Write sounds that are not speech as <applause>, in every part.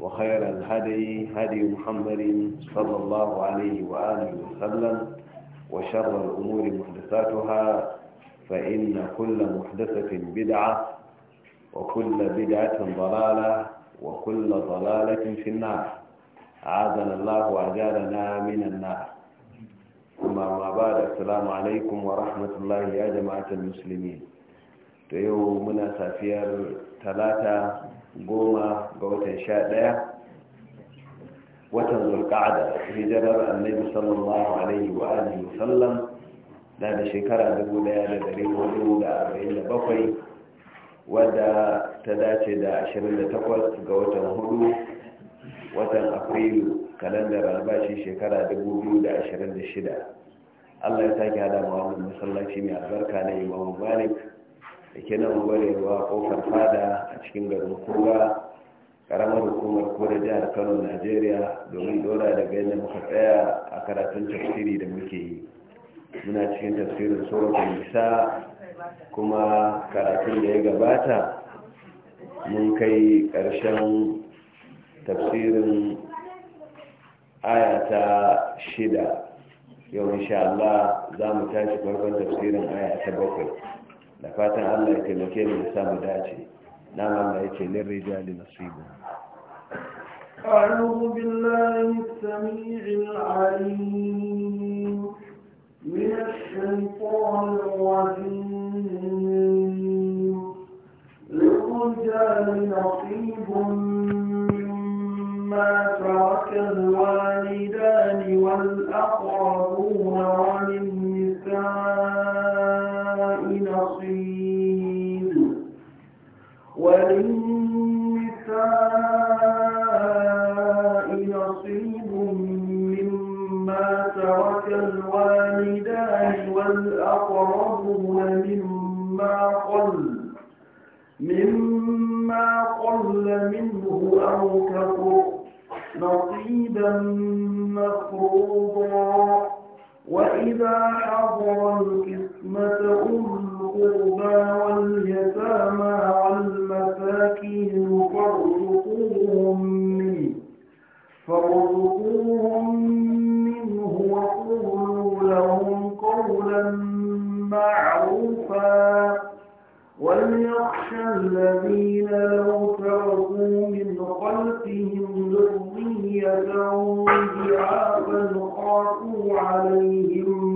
وخير الهدي هدي محمد صلى الله عليه وآله وسلم وشر الأمور محدثاتها فإن كل محدثة بدعة وكل بدعة ضلالة وكل ضلالة في النار عادنا الله وأجالنا من النار ثم ما بعد السلام عليكم ورحمة الله يا جماعة المسلمين تيو منا سافير ثلاثة goma ga watan sha ɗaya watan zulƙa'ada hijirar annabi sallallahu alaihi wa alihi sallam da da shekara bakwai wadda ta dace da ashirin da takwas ga watan hudu watan afrilu kalandar albashi shekara dubu da da ashirin shida allah ya sake hada ma wannan masallaci mai albarka na imamu malik da ke nan gwarewa kofar fada a cikin garin kura karamar hukumar kura jihar kano najeriya domin dora da yadda muka tsaya a karatun tafsiri da muke yi muna cikin tafsirin tsoron nisa kuma karatun da ya gabata mun kai karshen tafsirin ayata shida yau insha Allah za mu tashi farkon tafsirin ayata bakwai da fatan allah ya taimake ni da samu dace nan allah ya ce lin rijali nasibu أعوذ بالله السميع العليم من الشيطان الرجيم للرجال نصيب مما ترك الوالدان والأقربون وللنساء وللنساء نصيب مما ترك الوالدان والأقربون مما قل منه أو كفر نصيبا مفروضا وإذا حضر القسمة أم القربى واليتامى والمساكين فارزقوهم منه فارزقوهم منه وقولوا لهم قولا معروفا وليخشى الذين لو تركوا من خلفهم ذرية ضعافا خافوا عليهم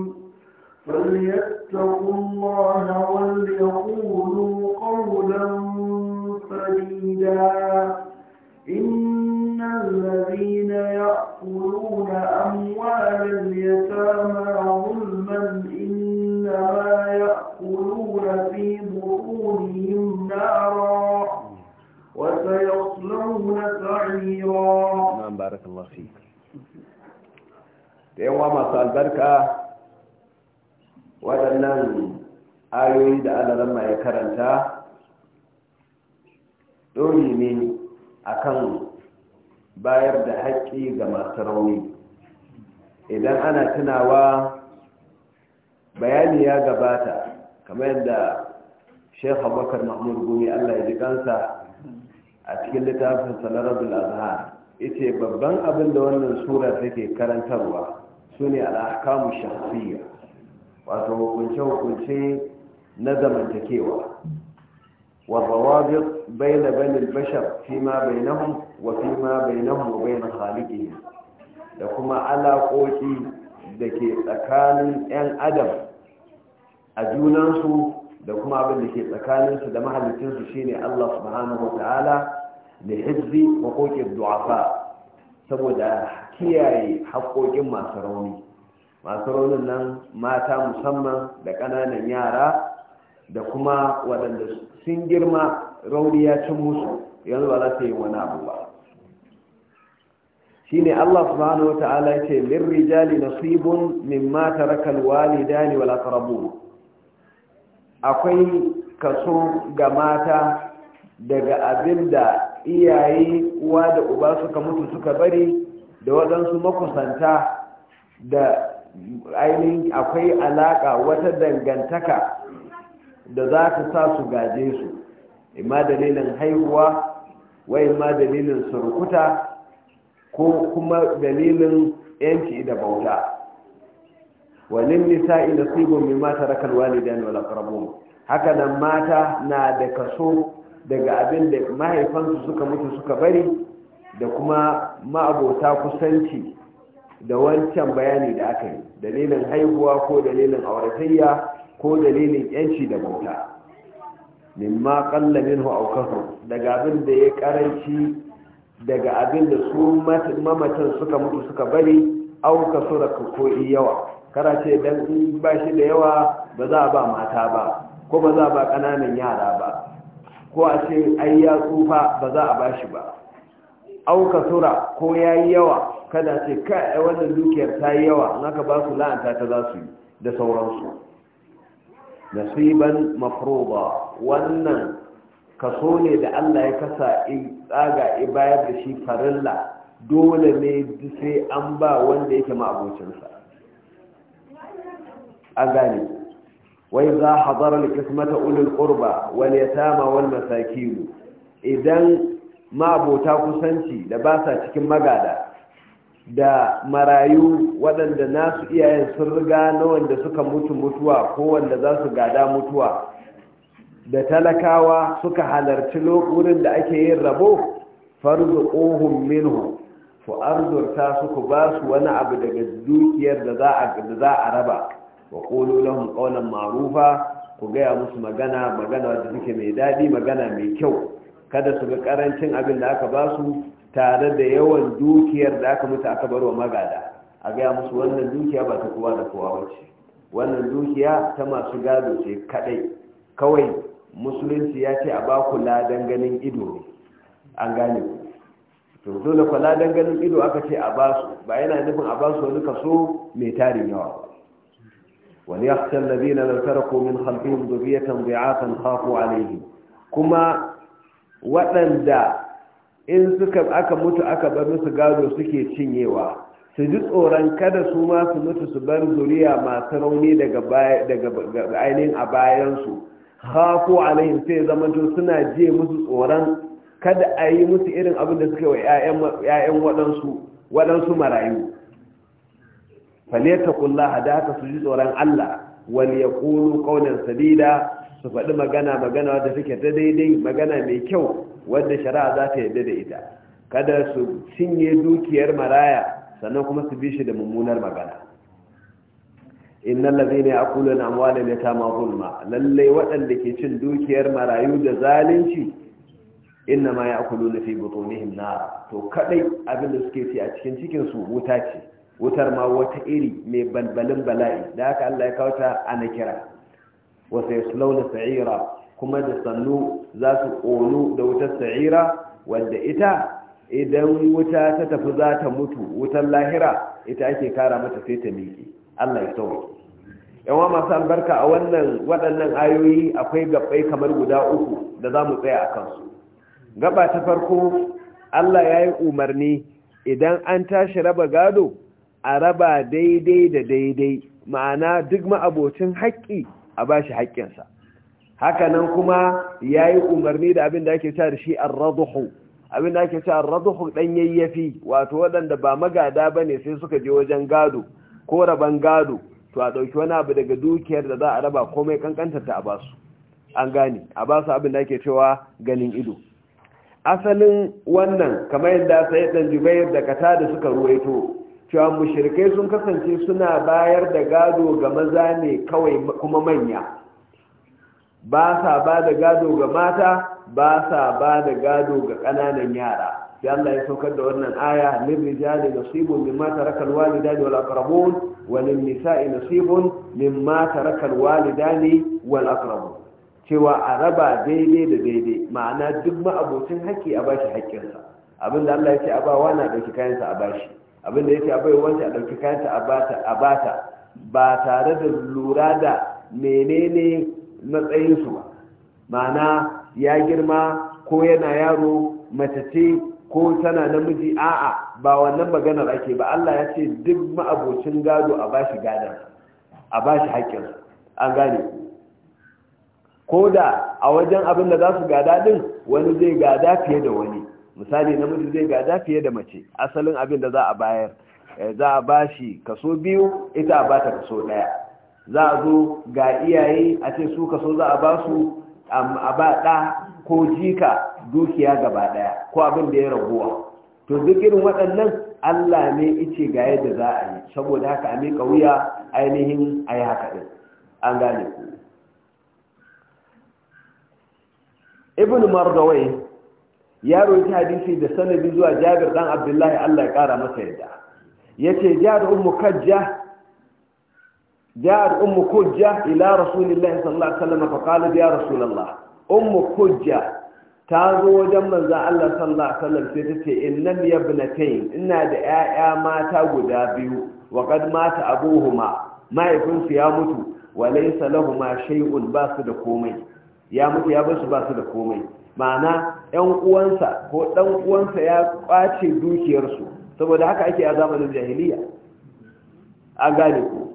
فليتقوا الله وليقولوا قولا فريدا إن الذين يأكلون أموال اليتامى ظلما إنما يأكلون في بطونهم نارا وسيصلون سعيرا نعم بارك الله فيك da yawa masu albarka waɗannan ayoyi da alarama ya karanta ɗori ne a kan bayar da haƙƙi ga masu rauni idan ana tunawa bayani ya gabata kamar yadda shek abubakar mahmud gumi allah ya ji kansa a cikin littafin sanarabul azhar ita babban abin da wannan sura take karantarwa su ne al'akamu shahsiyya wato hukunce-hukunce na zamantakewa والروابط بين بني البشر فيما بينهم وفيما bai وبين da kuma alaƙoƙi da ke tsakanin 'yan adam a junansu da kuma abin da ke tsakaninsu da mahalicinsu shine Allah subhanahu wa ta'ala da hizbi haƙoƙin du'afa saboda kiyaye haƙoƙin masu rauni masu raunin nan mata musamman da ƙananan yara da kuma waɗanda sun girma rauni ya cin musu yanzu ba za su yi wani abu ba shi ne allah subhanahu wa ta'ala ce min rijali nasibun min mata rakal dani wala aqrabu akwai kaso ga mata daga abin da iyaye uwa da uba suka mutu suka bari da waɗansu makusanta da ainihin akwai alaka wata dangantaka da za ta sa su gaje su imma dalilin haihuwa wai ma dalilin surkuta ko kuma dalilin yanci da bauta wani nisa ina nisa'i mai mimma rakar walidan daniel aqrabun haka nan mata na da kaso daga abin da mahaifansu suka mutu suka bari da kuma ma'abota kusanci da wancan bayani da aka yi dalilin haihuwa ko dalilin auratayya ko dalilin yanci da bauta mimma qalla minhu aw daga abin da ya karanci daga abin da su mamatan suka mutu suka bari aw kasura ko yawa kara ce dan ba shi da yawa ba za ba mata ba ko ba za a ba kananan yara ba ko a ce ai ya tsufa ba za a ba shi ba aw kasura ko yayi yawa kada ce ka a wannan dukiyar ta yi yawa in aka ba su la'anta ta za su yi da sauransu nasiban mafroba wannan kaso ne da allah ya kasa in tsaga in bayar da shi farilla dole ne sai an ba wanda yake ma'abocinsa an gane wai za hadara da kismata ulul qurba wal yatama wal masakin idan ma'abota kusanci da ba sa cikin magada da marayu waɗanda nasu iyayen sun riga na wanda suka mutu mutuwa ko wanda za su gada mutuwa da talakawa suka halarci wurin da ake yin rabo farzu ohun minhu ku arzurta suku ba su wani abu daga dukiyar da za a raba wa ƙolo lahun ƙaunar marufa ku gaya musu magana magana wadda suke mai daɗi magana mai kyau kada su ga ƙarancin abin da aka ba su tare da yawan dukiyar da aka mutu aka barwa magada a gaya musu wannan dukiya ba ta kowa da kowa wace wannan dukiya ta masu gado ce kadai kawai musulunci ya ce a ba ku ladan ganin ido ne an gane ku to dole ku ladan ganin ido aka ce a ba su ba yana nufin a ba su wani kaso mai tarin yawa wani ya fitar da zina da min khalfihim zuriyatan bi'atan khafu alaihim kuma waɗanda in suka aka mutu aka bar musu gado suke cinyewa su ji tsoron kada su ma su mutu su bar zuriya masu rauni daga ainihin a bayansu haku alaihim sai zamanto suna je musu tsoron kada a yi musu irin abin da suka wa 'ya'yan waɗansu marayu faleta kulla da haka su ji tsoron allah wal ya kulu kaunar sadida su faɗi magana magana wadda suke ta daidai magana mai kyau wadda shari'a za ta yarda da ita kada su cinye dukiyar maraya sannan kuma su bi shi da mummunar magana innal ladhina yaquluna amwalan yatama zulma lallai waɗanda ke cin dukiyar marayu da zalunci inna ma na fi butunihim nar to kaɗai abin da suke ci a cikin cikinsu wuta ce wutar ma wata iri mai balbalin bala'i da haka Allah ya kawo ta a nakira yaslau sayaslawna sa'ira kuma da sannu za su ƙonu da wutar sa'ira wanda ita idan wuta ta tafi za ta mutu wutar lahira ita ake kara mata sai ta miƙe Allah ya sauke yawa masu albarka a wannan waɗannan ayoyi akwai gabbai kamar guda uku da za mu tsaya a kansu gaba ta farko Allah ya yi umarni idan an tashi raba gado a raba daidai da daidai ma'ana duk ma'abocin haƙƙi a ba shi haƙƙinsa hakanan kuma ya yi umarni da abin da ake sa da shi raduhu abin da ake sa raduhu ɗan yayyafi wato waɗanda ba magada ba ne sai suka je wajen gado ko rabon gado to a ɗauki wani abu daga dukiyar da za a raba komai ƙanƙanta ta a basu an gane a basu abin da ake cewa ganin ido asalin wannan kamar yadda sai ɗan jubair da kata da suka ruwaito cewa mushrikai sun kasance suna bayar da gado ga maza ne kawai kuma manya ba sa ba da gado ga mata ba sa ba da gado ga ƙananan yara sai Allah ya saukar da wannan aya min rijali nasibun mimma tarakal walidani wal aqrabun wa lin nisa'i nasibun mimma tarakal walidani wal aqrabun cewa a raba daidai da daidai ma'ana duk ma'abocin haƙƙi a bashi haƙƙinsa abinda Allah ya ce a ba na ɗauki kayansa a bashi abinda ya ce a bai wancan a ɗauki kayanta a bata ba tare da lura da menene matsayinsu ba ma'ana ya girma ko yana yaro matace, ko tana namiji a'a ba wannan maganar ake ba Allah ya ce duk ma'abocin gado a bashi gadon a bashi haƙƙin an gane ko da a wajen abin da za su gada din wani zai gada fiye da wani misali namiji zai gada fiye da mace asalin abin da za a bayar eh, za a bashi kaso biyu ita a bata kaso daya za a zo ga iyaye a ce su kaso za a basu a ba da ko jika dukiya gaba daya ko abin da ya raguwa to duk irin waɗannan Allah ne ice ga yadda za a yi saboda haka a miƙa wuya ainihin a yi haka ɗin an gane ku ibn mardawai yaro ya hadisi da sanadi zuwa jabir dan abdullahi allah ya kara masa yadda ya ce jihar umu kujja ila rasulillahi sallallahu alaihi wasallam fa qala ya rasulullah umu kujja ta zo wajen manzon allah sallallahu alaihi wasallam sai ta ce inna li ibnatayn inna da ya'ya mata guda biyu wa qad mata abuhuma mahaifinsu ya mutu wa laysa lahumu shay'un ba su da komai ya mutu ya bar su ba su da komai ma'ana yan uwansa ko ɗan uwansa ya kwace dukiyarsu saboda haka ake a zamanin jahiliya a gane ku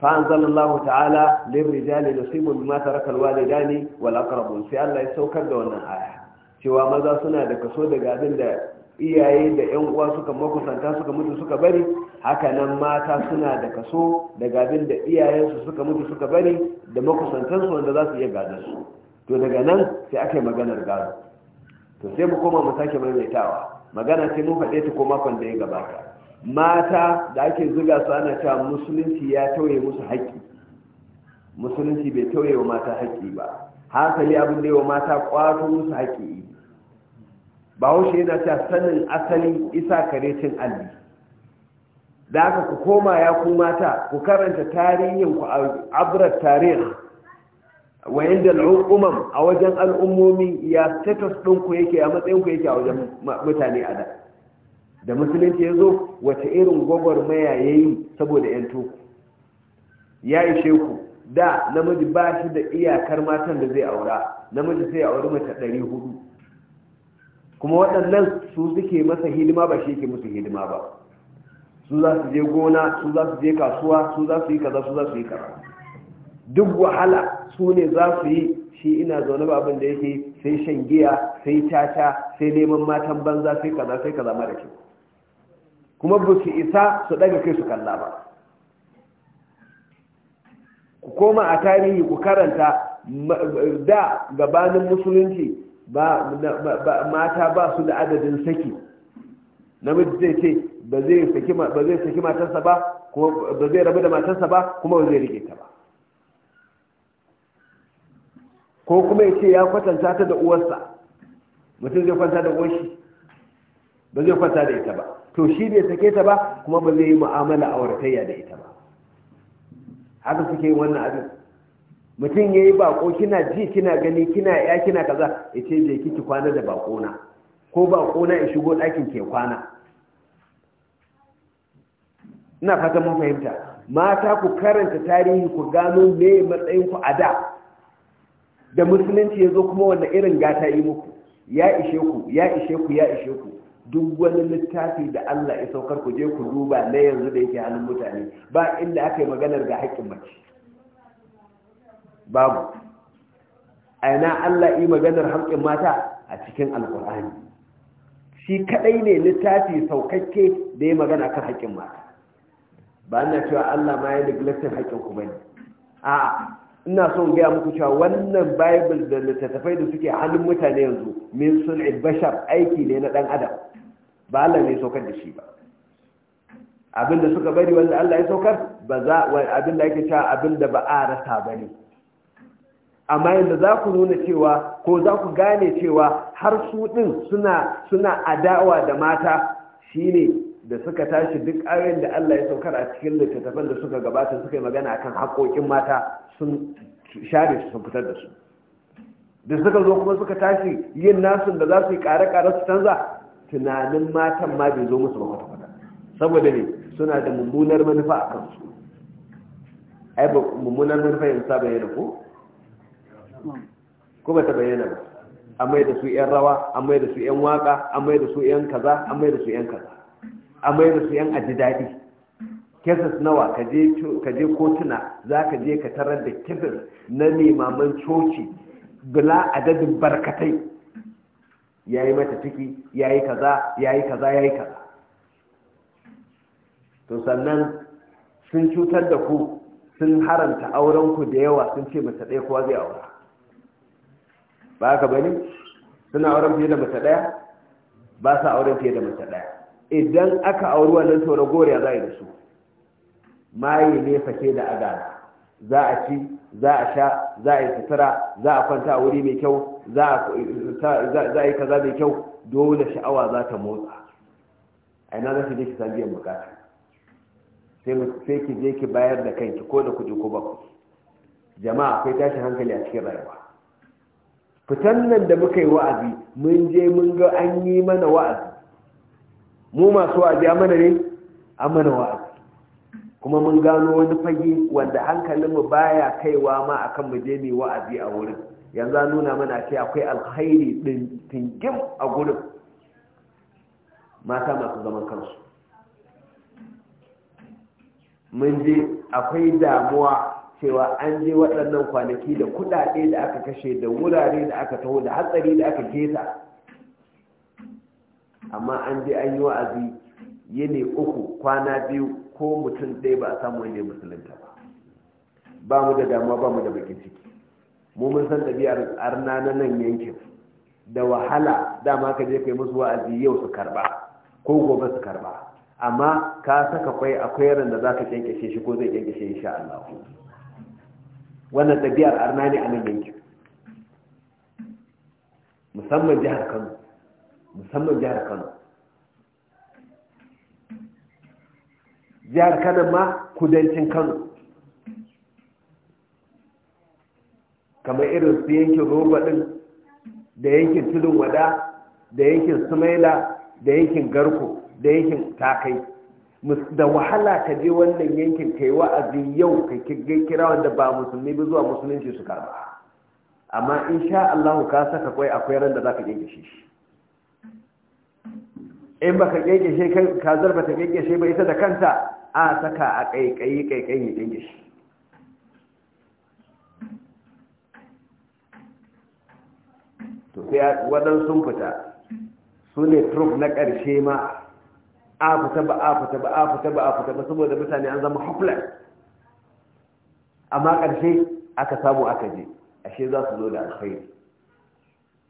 fa anzalallahu ta'ala lil rijali Simon mimma taraka alwalidani wal aqrabun sai Allah ya saukar da wannan aya cewa maza suna da kaso daga abin da iyaye da yan uwa suka makusanta suka mutu suka bari haka nan mata suna da kaso daga abin da iyayensu suka mutu suka bari da makusantansu wanda za su iya gadar to daga nan sai aka yi maganar gado to sai mu koma mu sake maimaitawa magana sai mun faɗe ta ko makon da ya gabata mata da ake zuga su ana cewa musulunci ya tauye musu haƙƙi musulunci bai tauye wa mata haƙƙi ba hankali abin da yi wa mata ƙwato musu haƙƙi ba haushe yana cewa sanin asali isa kare cin alli da aka ku koma ya ku mata ku karanta tarihin ku abrar tarihin wa inda al'ummam a wajen al'ummomi ya status ɗinku yake a matsayin ku yake a wajen mutane a da da musulunci ya zo wace irin gwagwarmaya ya yi saboda 'yan toku ya ishe ku da namiji ba shi da iyakar matan da zai aura namiji sai ya auri mata ɗari hudu kuma waɗannan su suke masa hidima ba shi yake musu hidima ba su za su je gona su za su je kasuwa su za su yi kaza su za su yi kaza duk wahala su ne za su yi shi ina zaune ba abin da yake sai shan giya sai tata sai neman matan banza sai kaza sai kaza mara ke kuma ba su isa su daga kai su kalla ba ku koma a tarihi ku karanta da gabanin musulunci mata ba su da adadin saki namiji zai ce ba zai saki matarsa ba kuma ba zai rabu da matarsa ba kuma ba zai rike ta ba ko kuma ya ce ya kwatanta ta da uwarsa mutum zai kwanta da uwar ba zai kwanta da ita ba to shi bai sake ta ba kuma ba zai yi mu'amala a wartayya da ita ba haka suke yin wannan abin mutum ya yi bako kina ji kina gani kina ya kina kaza ya ce je kiki kwana da bakona ko bakona ya shigo ɗakin ke kwana ina fata mun fahimta mata ku karanta tarihi ku gano me matsayin ku a da da musulunci ya zo kuma wanda irin gata yi muku ya ishe ku ya ishe ku ya ishe ku duk wani littafi da Allah ya saukar ku je ku duba na yanzu da yake halin mutane ba inda aka yi maganar ga haƙƙin mace babu aina Allah yi maganar haƙƙin mata a cikin alƙur'ani shi kadai ne littafi saukakke da ya magana kan haƙƙin mata ba na cewa Allah ma ya neglectin haƙƙin ku bane a'a ina so son gaya muku cewa wannan bible da littattafai da suke hannun mutane yanzu min sun bashar aiki ne na dan adam ba Allah ne saukar da shi ba Abin da suka bari wanda Allah ya saukar ba za da yake cewa da ba a rasa ne. amma yanda za ku nuna cewa ko za ku gane cewa har su din suna suna adawa da mata shine da suka tashi duk ayoyin da Allah ya saukar a cikin littattafan da suka gabata suka yi magana akan haƙoƙin mata sun share su sun fitar da su da suka zo kuma suka tashi yin nasu da za su yi ƙare-ƙare su canza tunanin matan ma bai zo musu ba kwata-kwata saboda ne suna da mummunar manufa a kansu ai ba mummunar manufa yanzu ta bayyana ko ko ba ta bayyana ba an da su 'yan rawa an da su 'yan waka an da su 'yan kaza an da su 'yan kaza a mai da su yan aji daɗi kesas nawa ka je kotuna za ka je ka tarar da kesas na nemaman coci bila adadin barkatai ya yi mata ciki ya yi kaza ya yi kaza ya yi kaza to sannan sun cutar da ku sun haranta aurenku da yawa sun ce mace ɗaya kowa zai aura ba ka bane suna auren fiye da mace ɗaya ba sa auren fiye da mace ɗaya idan aka auri wannan tauragoriya za a zai da su maye ne fake da aga za a ci za a sha za a yi sutura za a kwanta a wuri mai kyau za a yi kaza mai kyau dole sha'awa za ta motsa a ina za ki ki san biyan bukata sai ki je ki bayar da kanki ko da kudi ko ba jama'a akwai tashin hankali a cikin rayuwa fitan nan da muka yi wa'azi mun je mun ga an yi mana wa'azi mu masu wa'azi amana ne amana wa'azi kuma mun gano wani fage wanda hankalin mu baya kaiwa ma akan mu je wa'azi a wurin yanzu an nuna mana ce akwai alkhairi din tingim a gurin mata masu zaman kansu mun je akwai damuwa cewa an je waɗannan kwanaki da kuɗaɗe da aka kashe da wurare da aka taho da hatsari da aka keta. amma an je an yi wa'azi yini uku kwana biyu ko mutum ɗaya ba a samu wanda ya musulunta ba ba mu da damuwa ba mu da bakin ciki mu mun san ɗabi'ar arna na nan yankin da wahala dama ka je kai musu wa'azi yau su karba ko gobe su karba amma ka saka kwai akwai ran da za ka kyankyashe shi ko zai kyankyashe sha Allah wannan ɗabi'ar arna ne a nan yankin musamman jihar Kano musamman jihar kano jihar kano ma kudancin kano kamar irin su yankin roba ɗin da yankin tudun wada da yankin sumaila da yankin garko da yankin takai da wahala ka je wannan yankin ka yi wa'azi yau ka kira wanda ba musulmi ba zuwa musulunci su karba amma in sha Allah ka saka kwai akwai ran da za ka yanke shi in baka kekeshe kai kazar bata kekeshe ba ita da kanta a saka a kaikayi kaikayi ya kekeshe to sai waɗansu sun fita su ne trump na ƙarshe ma a fita ba a fita ba a fita ba a fita ba saboda mutane an zama hopeless amma ƙarshe aka samu aka je ashe za su zo da alkhairi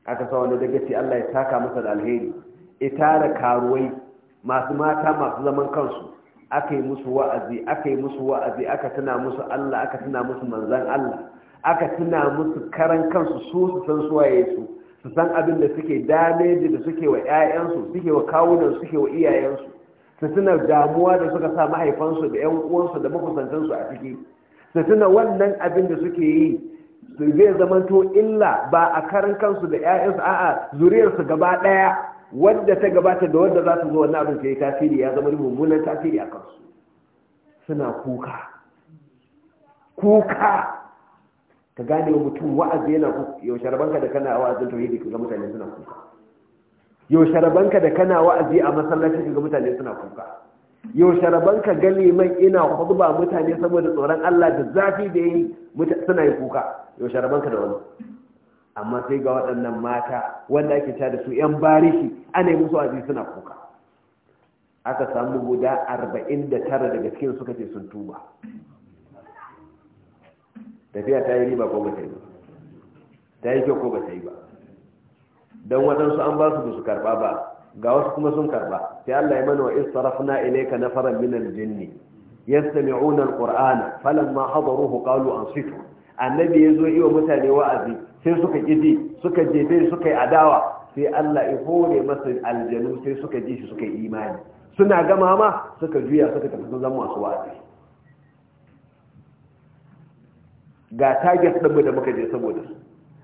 aka sa wani dagaci Allah ya taka masa da alheri ita da karuwai masu mata masu zaman kansu aka yi musu wa'azi aka yi musu wa'azi aka tuna musu Allah aka tuna musu manzan Allah aka tuna musu karan kansu su su san suwaye su su san abin da suke dameji da suke wa 'ya'yansu suke wa kawunan suke wa iyayensu su tuna damuwa da suka sa mahaifansu da ƴan uwansu da makusantansu a ciki su tuna wannan abin da suke yi zai zamanto illa ba a karan kansu da 'ya'yansu a'a zuriyarsu gaba ɗaya wadda ta gabata da wadda za su zo wannan abin yi tasiri ya zama mummunan tasiri a kansu suna kuka kuka ka gane wa mutum wa'azi yana kuka yaushe rabanka da kana wa'azi ta tauhidi ga mutane suna kuka yaushe rabanka da kana wa'azi a masallaci ga mutane suna kuka yaushe rabanka ga liman ina khutba mutane saboda tsoron Allah da zafi da yi suna yi kuka yaushe rabanka da wani? amma sai ga waɗannan mata wanda ake ta da su 'yan barishi, ana yi musu aji suna kuka aka samu guda arba'in da tara daga cikin suka ce sun tuba tafiya ta yi riba ko ba ta yi ba ta yi kyau ko ba ta yi ba don waɗansu an ba su su karɓa ba ga wasu kuma sun karɓa sai Allah ya mana wa in sarafna ilayka na min minan jinni yastami'una al falamma hadaruhu qalu ansitu annabi yazo yi wa mutane wa'azi sai suka ƙiji suka jefe suka yi adawa sai Allah ya hore masa aljanu sai suka ji shi suka yi imani suna gama ma suka juya suka tafi sun zama masu wa'azi ga target mu da muka je saboda su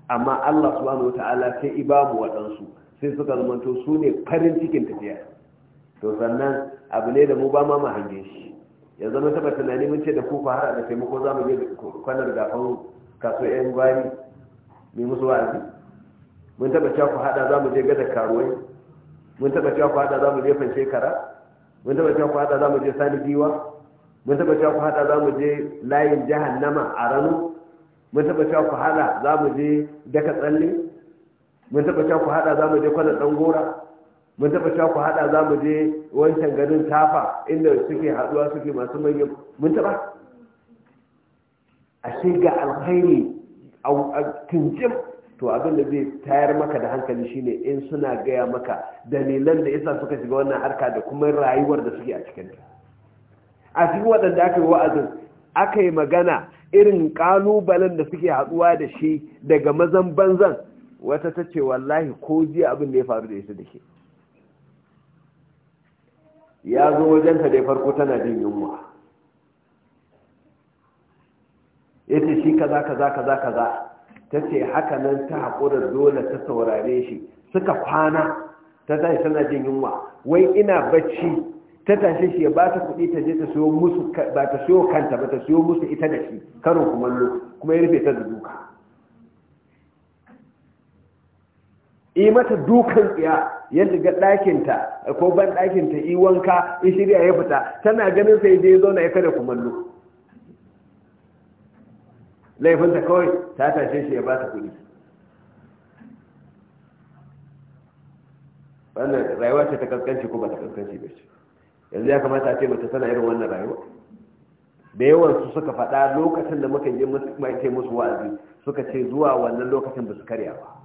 amma Allah subhanahu wata'ala sai ibabu wadansu sai suka zamanta su ne farin cikin tafiya to sannan abu ne da mu ba ma hange shi ya zama tunani mun ce da ku fara da taimako zamu mu je kwanar gafan kaso yan gwari mai musu wa'azi mun taba cewa ku hada za mu je gada karuwai mun taba cewa ku hada za mu je fan shekara mun taba cewa ku hada za mu je sani giwa mun taba cewa ku hada za mu je layin jahannama a ranu. mun taba cewa ku hada za mu je daka tsalle mun taba cewa ku hada za mu je kwana dan gora mun taba cewa ku hada za mu je wancan garin tafa inda suke haduwa suke masu manyan mun taba ashe ga alkhairi tunjim to abin da zai tayar maka da hankali shine in suna gaya maka dalilan da isa suka shiga wannan harka da kuma rayuwar da suke a cikin ta a cikin waɗanda aka yi wa'azin aka yi magana irin ƙalubalen da suke haɗuwa da shi daga mazan banzan wata ta ce wallahi ko jiya abin da ya faru da ita da ke ya zo wajenta da farko tana jin yunwa ya ce shi kaza kaza kaza kaza ta haka nan ta haƙura dole ta saurare shi suka kwana ta tashi tana jin yunwa wai ina bacci ta tashi shi ya ba ta kuɗi ta je ta siyo musu ba ta siyo kanta ba ta siyo musu ita da shi karin kumallo kuma ya rufe ta da duka yi mata dukan tsiya ya shiga ɗakinta ko ban ɗakinta i wanka in shirya ya fita tana ganin sai dai zauna ya kada kumallo laifinta kawai ta tashe shi ya ba ta kuɗi wannan rayuwa ce ta kaskanci ko ba ta kaskanci ba shi yanzu ya kamata a ce mace tana irin wannan rayuwa da yawan su suka faɗa lokacin da muka yi maike musu wa'azi suka ce zuwa wannan lokacin ba su karya ba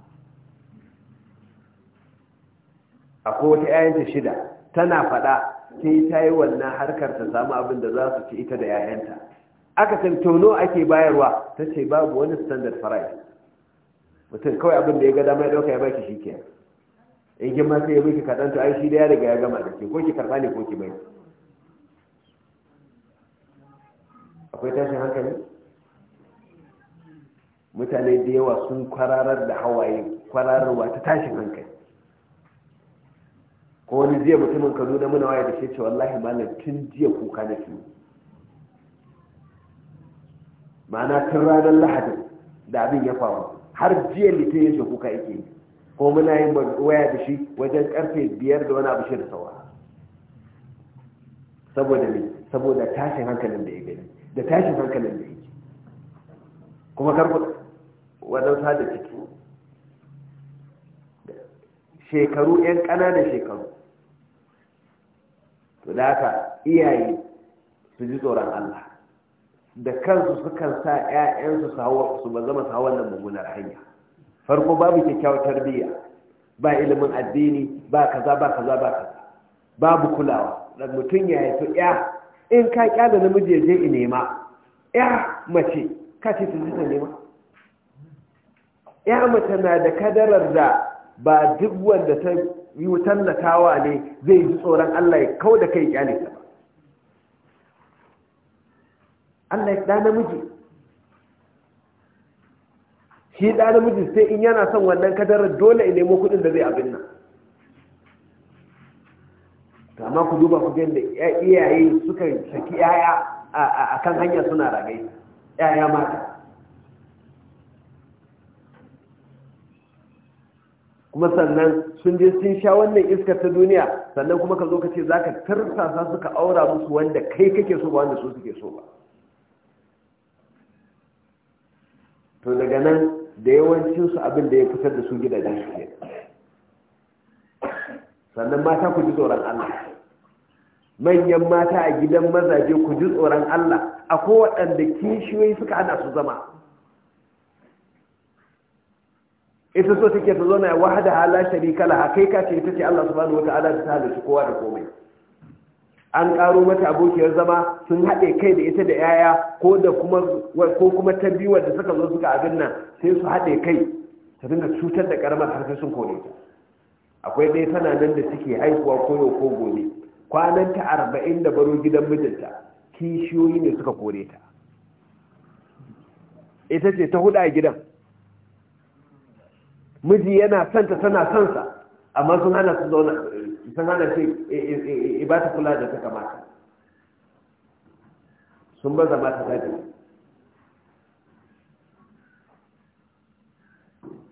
akwai wata 'ya'yanta shida tana faɗa sai ta yi wannan harkar ta samu abin da za su ci ita da 'ya'yanta aka san tono ake bayarwa ta ce babu wani standard price mutum kawai abin da ya ga dama ya ɗauka ya baki shi ke in kin ma sai ya baki kaɗan to ai shi da ya riga ya gama da ke ko ki karba ne ko ki bai akwai tashin hankali mutane da yawa sun kwararar da hawaye kwararwa ta tashin hankali ko wani jiya mutumin kaduna muna waya da shi ce wallahi malam tun jiya kuka na shi ma'ana tun ranar lahadin da abin ya faru har jiya litin yake kuka yake yi ko muna yin waya da shi wajen karfe biyar da wani abu shi da saura saboda ne saboda tashin hankalin da ya gani da tashin hankalin da yake kuma karku wadon sada ciki shekaru 'yan ƙananan shekaru to da haka iyaye su ji tsoron Allah da kansu sukan sa 'ya'yansu su ba zama sa wannan mummunar hanya farko babu kyakkyawar tarbiyya ba ilimin addini ba kaza ba kaza ba kaza babu kulawa da mutum ya yi ya in ka da namiji ya je i nema ya mace ka ce sun ta nema ya mace na da kadarar da ba duk wanda ta yi tallatawa ne zai ji tsoron Allah ya kau da kai kyale ta Allah ya ɗa namiji shi ɗa namiji sai in yana son wannan kadarar dole in nemo kuɗin da zai abin nan amma ku duba ku gani da iyaye suka saki yaya a kan hanya suna ragai yaya mata kuma sannan sun je sun sha wannan iskar ta duniya sannan kuma ka zo ka ce za ka tarsasa suka aura musu wanda kai kake so ba wanda su suke so ba to daga nan da yawancinsu abin da ya fitar da su gidajen su ne sannan mata ku ji tsoron Allah manyan mata a gidan mazaje ku ji tsoron Allah a kowaɗanda kishiyoyi suka ana su zama ita so take ta zo na wahada hala kala. A kai ka ce ita ce Allah subhanahu wata'ala ta halitta kowa da komai an karo mata abokiyar zama sun haɗe kai da ita da yaya ko da kuma ko kuma da suka zo suka abin nan sai su haɗe kai ta dinga cutar da karamar har sun kore ta akwai dai tana nan da suke haihuwa yau ko gobe kwanan ta arba'in da baro gidan mijinta kishiyoyi ne suka kore ta ita ce ta huɗa a gidan miji yana santa tana sansa amma sun hana su zauna sun hana ce e, e, e, ba kula da ta kamata sun ba zama ta zafi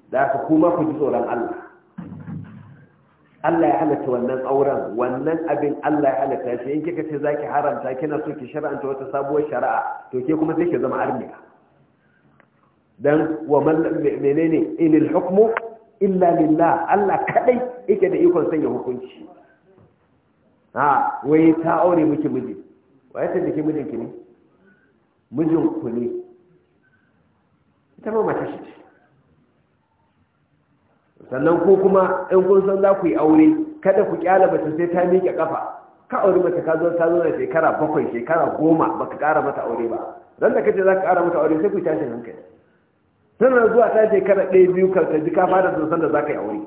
da aka kuma ku ji tsoron Allah Allah ya halatta wannan auren wannan abin Allah ya halatta shi in kika ce zaki haramta kina so ki shar'anta wata sabuwar shari'a to ke kuma sai ki zama armiya don wa man menene inil hukmu illa lillah Allah kadai yake da ikon sanya hukunci ha wai ta aure miki miji waye ta dake mijinki ne mijin ku ne ita ma mace shi sannan ko kuma in kun san za ku yi aure kada ku kyala mace sai ta miƙe kafa ka aure mace ka zo ta zo da shekara bakwai shekara goma baka ƙara mata aure ba ran da kace za ka ƙara mata aure sai ku tashi hankali tana zuwa ta shekara ɗaya biyu kan ka ji ka fara sosan da za ka yi aure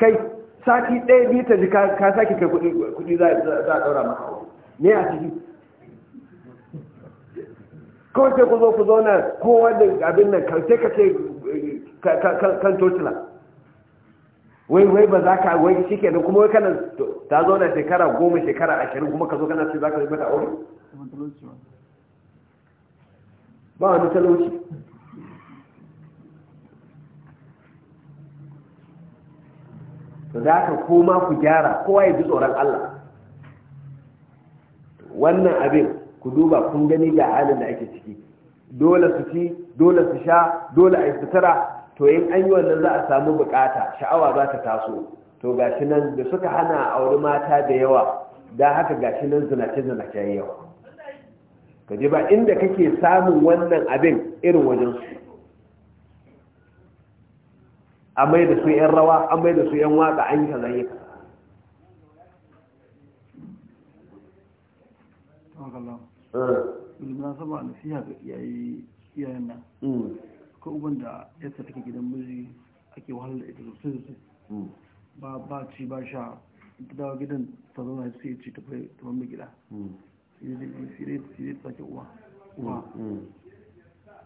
kai sati ɗaya biyu ta ji ka sake kai kuɗi za a ɗaura maka aure ne a ciki kawai sai ku zo ku zauna kowa da abin nan kan sai ka ce kan totila wai wai ba za ka wai shi kenan kuma wai kana ta zauna shekara goma shekara ashirin kuma ka zo kana ce za ka zo mata aure ba wani talauci to da ka koma ku gyara kowa ya ji tsoron Allah wannan abin ku duba kun gani ga halin da ake ciki dole su ci dole su sha dole a yi sutura to in an yi wannan za a samu bukata sha'awa za ta taso to gashi nan da suka hana auri mata da yawa da haka gashi nan zinace-zinace yawa kaji ba inda kake samun wannan abin irin wajen su an mai da su yan rawa an mai da su yan waka an yi kaza yi eh. na saba nasiha ga iyayen nan hmm. ko uban da yadda take gidan miji ake wahala da ita sosai sosai hmm. ba ba ci ba sha dawa gidan ta zauna sai ce ta tafi gida hmm. sai dai sake uwa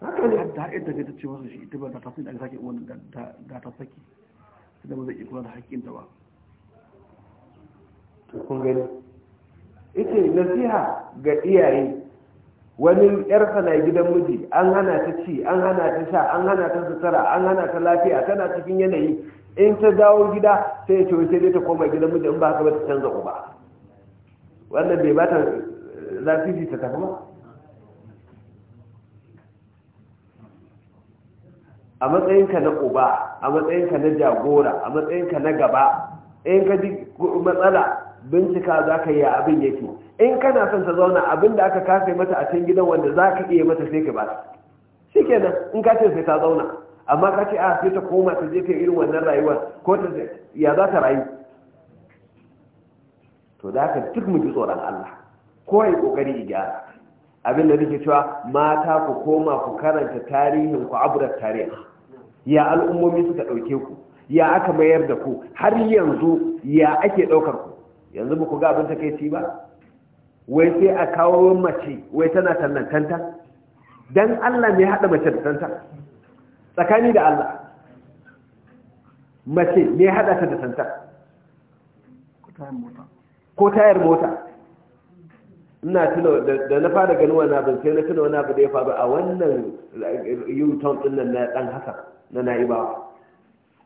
haka ne hatta yadda ta ce masa shi ita ba ta sun da sake uwa da ta saki da ba zai iya kula da haƙƙin ta ba kun gani ita nasiha ga iyaye wani yarsa na gidan miji an hana ta ci an hana ta sha an hana ta sutura an hana ta lafiya tana cikin yanayi in ta dawo gida sai ya ce wai sai ta koma gidan miji in ba haka ba ta canza uba wannan bai ba ta lafifi ta tafi ba a matsayinka na uba a matsayinka na jagora a matsayinka na gaba in ka ji matsala bincika za ka yi abin yake in kana son ta zauna abin da aka kafe mata a can gidan wanda za ka iya mata sai ka ba shi kenan in ka ce sai ta zauna amma ka ce a sai ta koma ta je ta irin wannan rayuwar ko ta ya za ta rayu to da haka duk mu ji tsoron Allah ko kokari ya gyara abin da nake cewa mata ku koma ku karanta tarihin ku abrar tarihi ya al'ummomi suka dauke ku ya aka mayar da ku har yanzu ya ake daukar ku yanzu ba ku ga abin ci ba wai sai a kawo mace wai tana tallantanta dan Allah ne hada mace da tanta tsakani da Allah mace ne hada ta da tanta ko tayar mota ina tuna da na fara ganin wani abin sai na tuna wani abu da ya faru a wannan yuton eh, din nan na dan haka na na'ibawa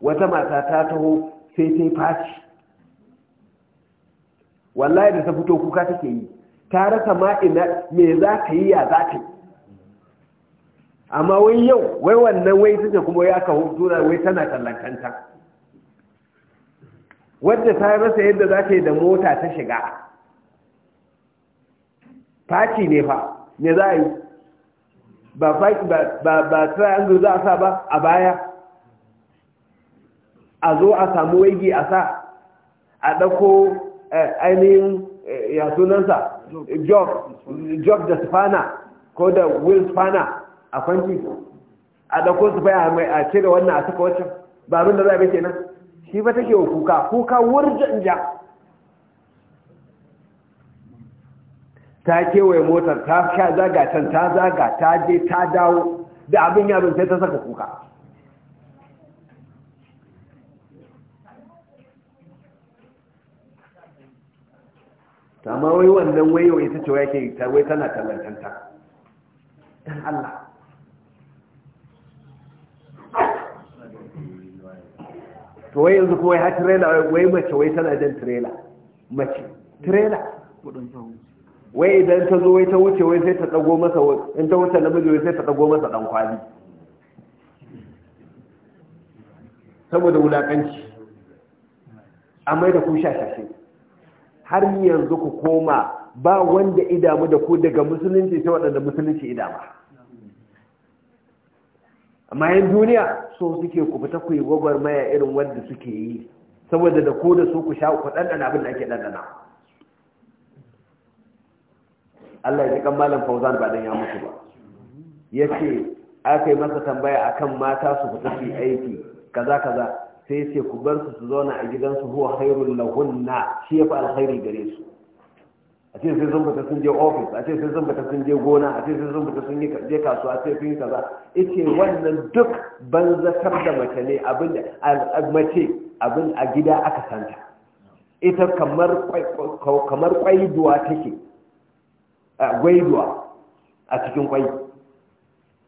wata mata ta taho sai ta faci wallahi da ta fito kuka take yi ta rasa ma ina me za ta yi ya za ta yi amma wai yau wai wannan wai take kuma ya ka da wai tana tallantanta wadda ta rasa yadda za ta yi da mota ta shiga faci ne fa ne za a yi ba faki ba triangle za a sa ba a baya a zo a samu waige a sa a ɗauko eh, ainihin eh, ya sunansa da spana ko da will spana a kwanci a ɗauko su faya mai a cire wannan a suka wacce. ba abin da za a bai nan. shi ba take wa kuka kuka wurin ja ta kewaye motar ta sha zaga can ta zaga ta je ta dawo da abin yabin sai ta saka kuka Ta ma wai wannan wayo ita ce wai ke wai tana tallantanta dan Allah to wai yanzu kuma ya trailer wai mace wai tana jan trailer mace trailer kudin sahu wai idan ta zo wai ta wuce wai sai ta dago masa in ta wuce namiji wai sai ta dago masa dan kwali saboda wulakanci amai da ku shashashe har yanzu ku koma ba wanda idamu da ku daga musulunci sai waɗanda musulunci idama amma yan duniya so suke ku fita ku yi gwagwarmaya irin wanda suke yi saboda da ku da su ku sha ku ɗanɗana abin da ake ɗanɗana Allah ya ji kan malam fauzan ba dan ya mutu ba yace aka yi masa tambaya akan mata su fita su aiki kaza kaza sai ce ku bar su su zauna a gidansu huwa khairul lahunna shi yafi alkhairi gare su a ce sai sun fita sun je ofis a ce sai sun fita sun je gona a ce sai sun fita sun je kasuwa a ce sun yi kaza ice wannan duk banzatar da mace ne abin mace abin a gida aka santa ita kamar kwaiduwa take gwaiduwa a cikin kwai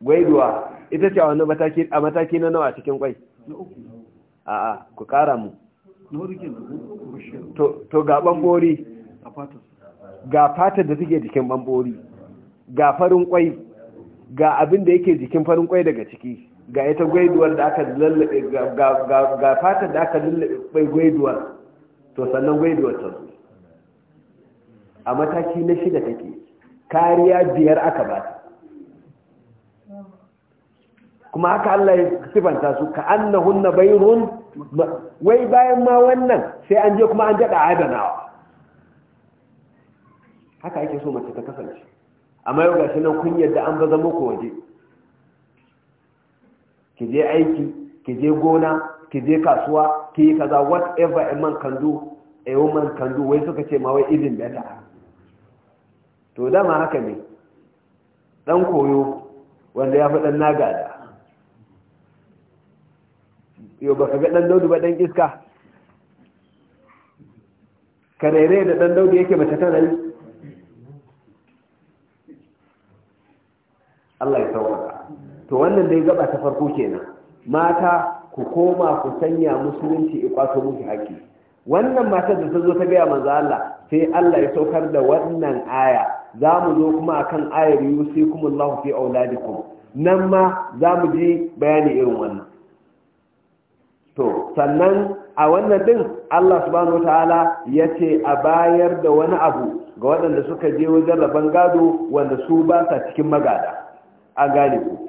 gwaiduwa ita ce a wani mataki a mataki na nawa cikin kwai a'a ku kara mu to ga bambori ga fata da take jikin bambori ga farin kwai ga abin da yake jikin farin kwai daga ciki ga ita gwaiduwar da aka lallabe ga fatar da aka lallabe gwaiduwar to sannan gwaiduwar ta a mataki na shida take kariya biyar aka ba kuma haka Allah ya sifanta su ka na bayrun wai bayan ma wannan sai an je kuma an jada adanawa haka ake so mace ta kasance amma yau gashi nan kun yadda an baza muku waje ki je aiki ki je gona ki je kasuwa ki yi kaza whatever a man can a woman can wai suka ce ma wai even better to dama haka ne dan koyo wanda ya fi dan nagada yau ba ka ga dan daudu ba dan iska ka rere da dan daudu yake mace tana yi Allah ya sauka. to wannan dai gaba ta farko kenan mata ku koma ku sanya musulunci ya kwato muku haƙƙi wannan matar da ta zo ta gaya manzo Allah sai Allah ya saukar da wannan aya za mu zo kuma a kan ayar Allah fi auladikum nan ma za mu ji bayani irin wannan to sannan a wannan din Allah subhanahu wataala ya ce a bayar da wani abu ga waɗanda suka je wajen rabon gado wanda su ba sa cikin magada a gane ku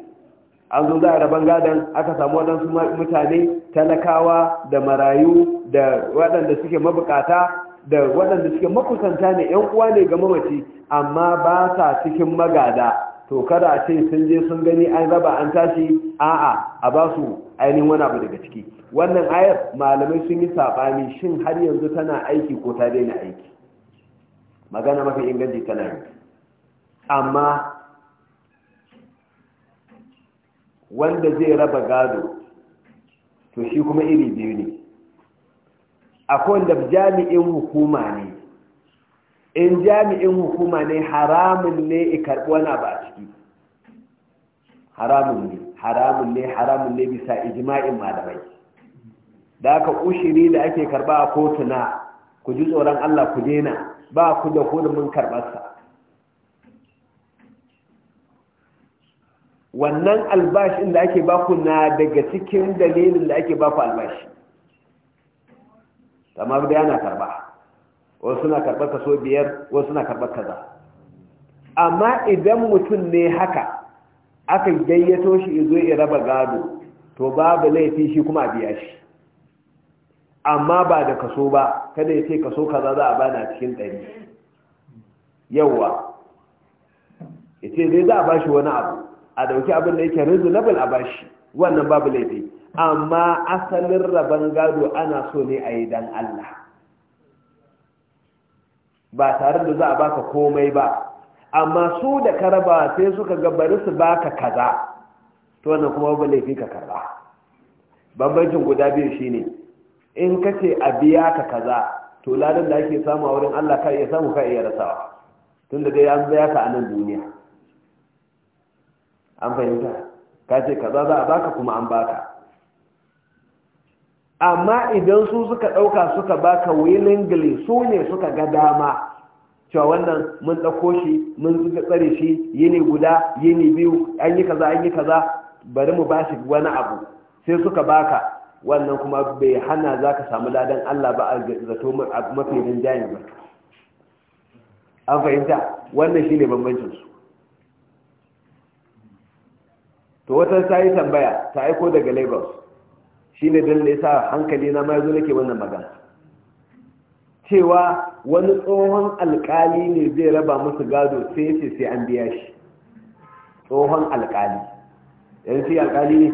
an zo za a rabon gadon aka samu waɗansu mutane talakawa da marayu da waɗanda suke mabukata da waɗanda suke makusanta ne ‘yan uwa ne ga mamaci amma ba sa cikin magada to kada a ce sun je sun gani an raba an tashi a'a a ba su ainihin wani abu daga ciki wannan ayar malamai sun yi saɓani shin har yanzu tana aiki ko ta daina aiki magana mafi inganci tana yi amma wanda zai raba gado to shi kuma iri biyu ne akwai wanda jami'in hukuma ne in jami'in hukuma ne haramun ne i karɓi wani abu a ciki haramun ne haramun ne haramun ne bisa ijma'in malamai da aka ushiri da ake karba a kotuna ku ji tsoron Allah ku dena ba ku da mun karɓarsa wannan albashin da ake baku na daga cikin dalilin da ake baku albashi amma da yana karba wasu suna karɓar kaso biyar wasu suna karbar kaza amma idan mutum ne haka aka gayyato shi izo ya raba gado to babu laifi shi kuma a biya shi amma ba da kaso ba kada ya ce kaso kaza za a bana cikin ɗari yawa ya ce zai za a bashi wani abu a ɗauki abin da yake reasonable a bashi wannan babu laifi amma asalin rabon gado ana so ne a yi dan Allah ba tare da za a baka komai ba amma su da karaba sai suka gabari su baka kaza to wannan kuma ba laifin ka karba bambancin guda biyu shine in kace a biya ka kaza to ladan da ake samu a wurin Allah ka iya samu ka iya rasawa tun da dai an biya ka a nan duniya an fahimta ka ce kaza za a baka kuma an baka amma idan su suka ɗauka suka baka gili su ne suka ga dama cewa wannan mun ɗauko shi mun tsare shi yini guda yini biyu an yi kaza an yi kaza bari mu ba shi wani abu sai suka baka wannan kuma bai hana za ka samu ladan Allah ba a zato mafi rinjayen ba an fahimta wannan shi ne su to wata ta yi tambaya ta aiko daga lagos shine ne da yasa hankali na ma yazo nake wannan magana cewa wani tsohon alkali ne zai raba musu gado sai ce sai an biya shi tsohon alkali Yanzu sai alkali ne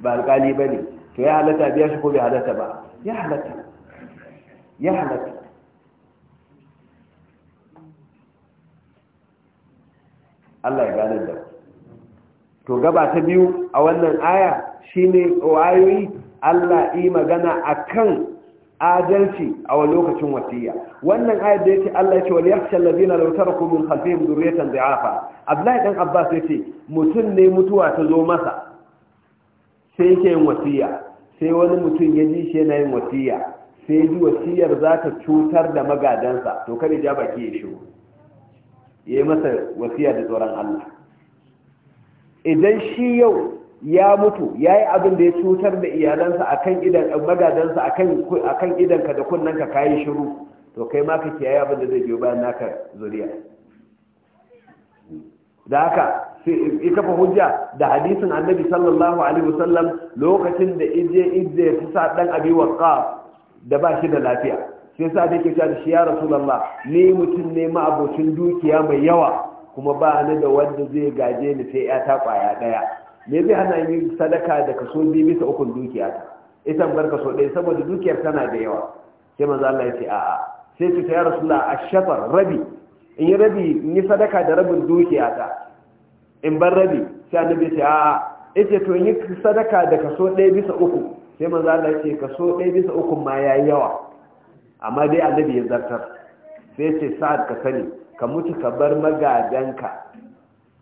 ba alkali ba ne to ya halatta biya shi ko bai halatta ba ya halatta ya halatta Allah ya gane da to gaba ta biyu a wannan aya shine wayoyi Allah yi magana akan adalci a wani lokacin wasiya wannan ayat da yake Allah ya ce wal yakhshal ladina law taraku min khalfihim dhurriyatan dha'afa Abdullahi Abba Abbas yace mutun ne mutuwa ta zo masa sai yake yin wasiya sai wani mutum ya ji shi yana yin wasiya sai ji wasiyar za ta cutar da magadansa to kada ja baki ya shigo ya yi masa wasiya da tsoron Allah idan shi yau ya mutu ya yi abin da ya cutar da iyalansa a kan idan magadansa a kan idanka da kunnanka ka yi shiru to kai ma ka kiyaye abin da zai biyo bayan naka zuriya da haka sai kafa hujja da hadisin annabi sallallahu alaihi wasallam lokacin da ije ije ya sa dan abi waqa da ba shi da lafiya sai sa da yake cewa shi ya rasulullah ni mutum ne ma abocin dukiya mai yawa kuma ba ni da wanda zai gaje ni sai ya ta kwaya daya me zai hana yi sadaka da kaso biyu bisa ukun dukiya ta ita bar kaso ɗaya saboda dukiyar tana da yawa sai manzo Allah ya ce a'a sai su ta suna a shafar rabi in yi rabi in yi sadaka da rabin dukiya ta in bar rabi sai annabi ya ce a'a yace to yi sadaka da kaso ɗaya bisa uku sai manzo Allah ya ce kaso ɗaya bisa uku ma ya yi yawa amma dai annabi ya zartar sai ya ce sa'ad ka sani ka mutu ka bar magadanka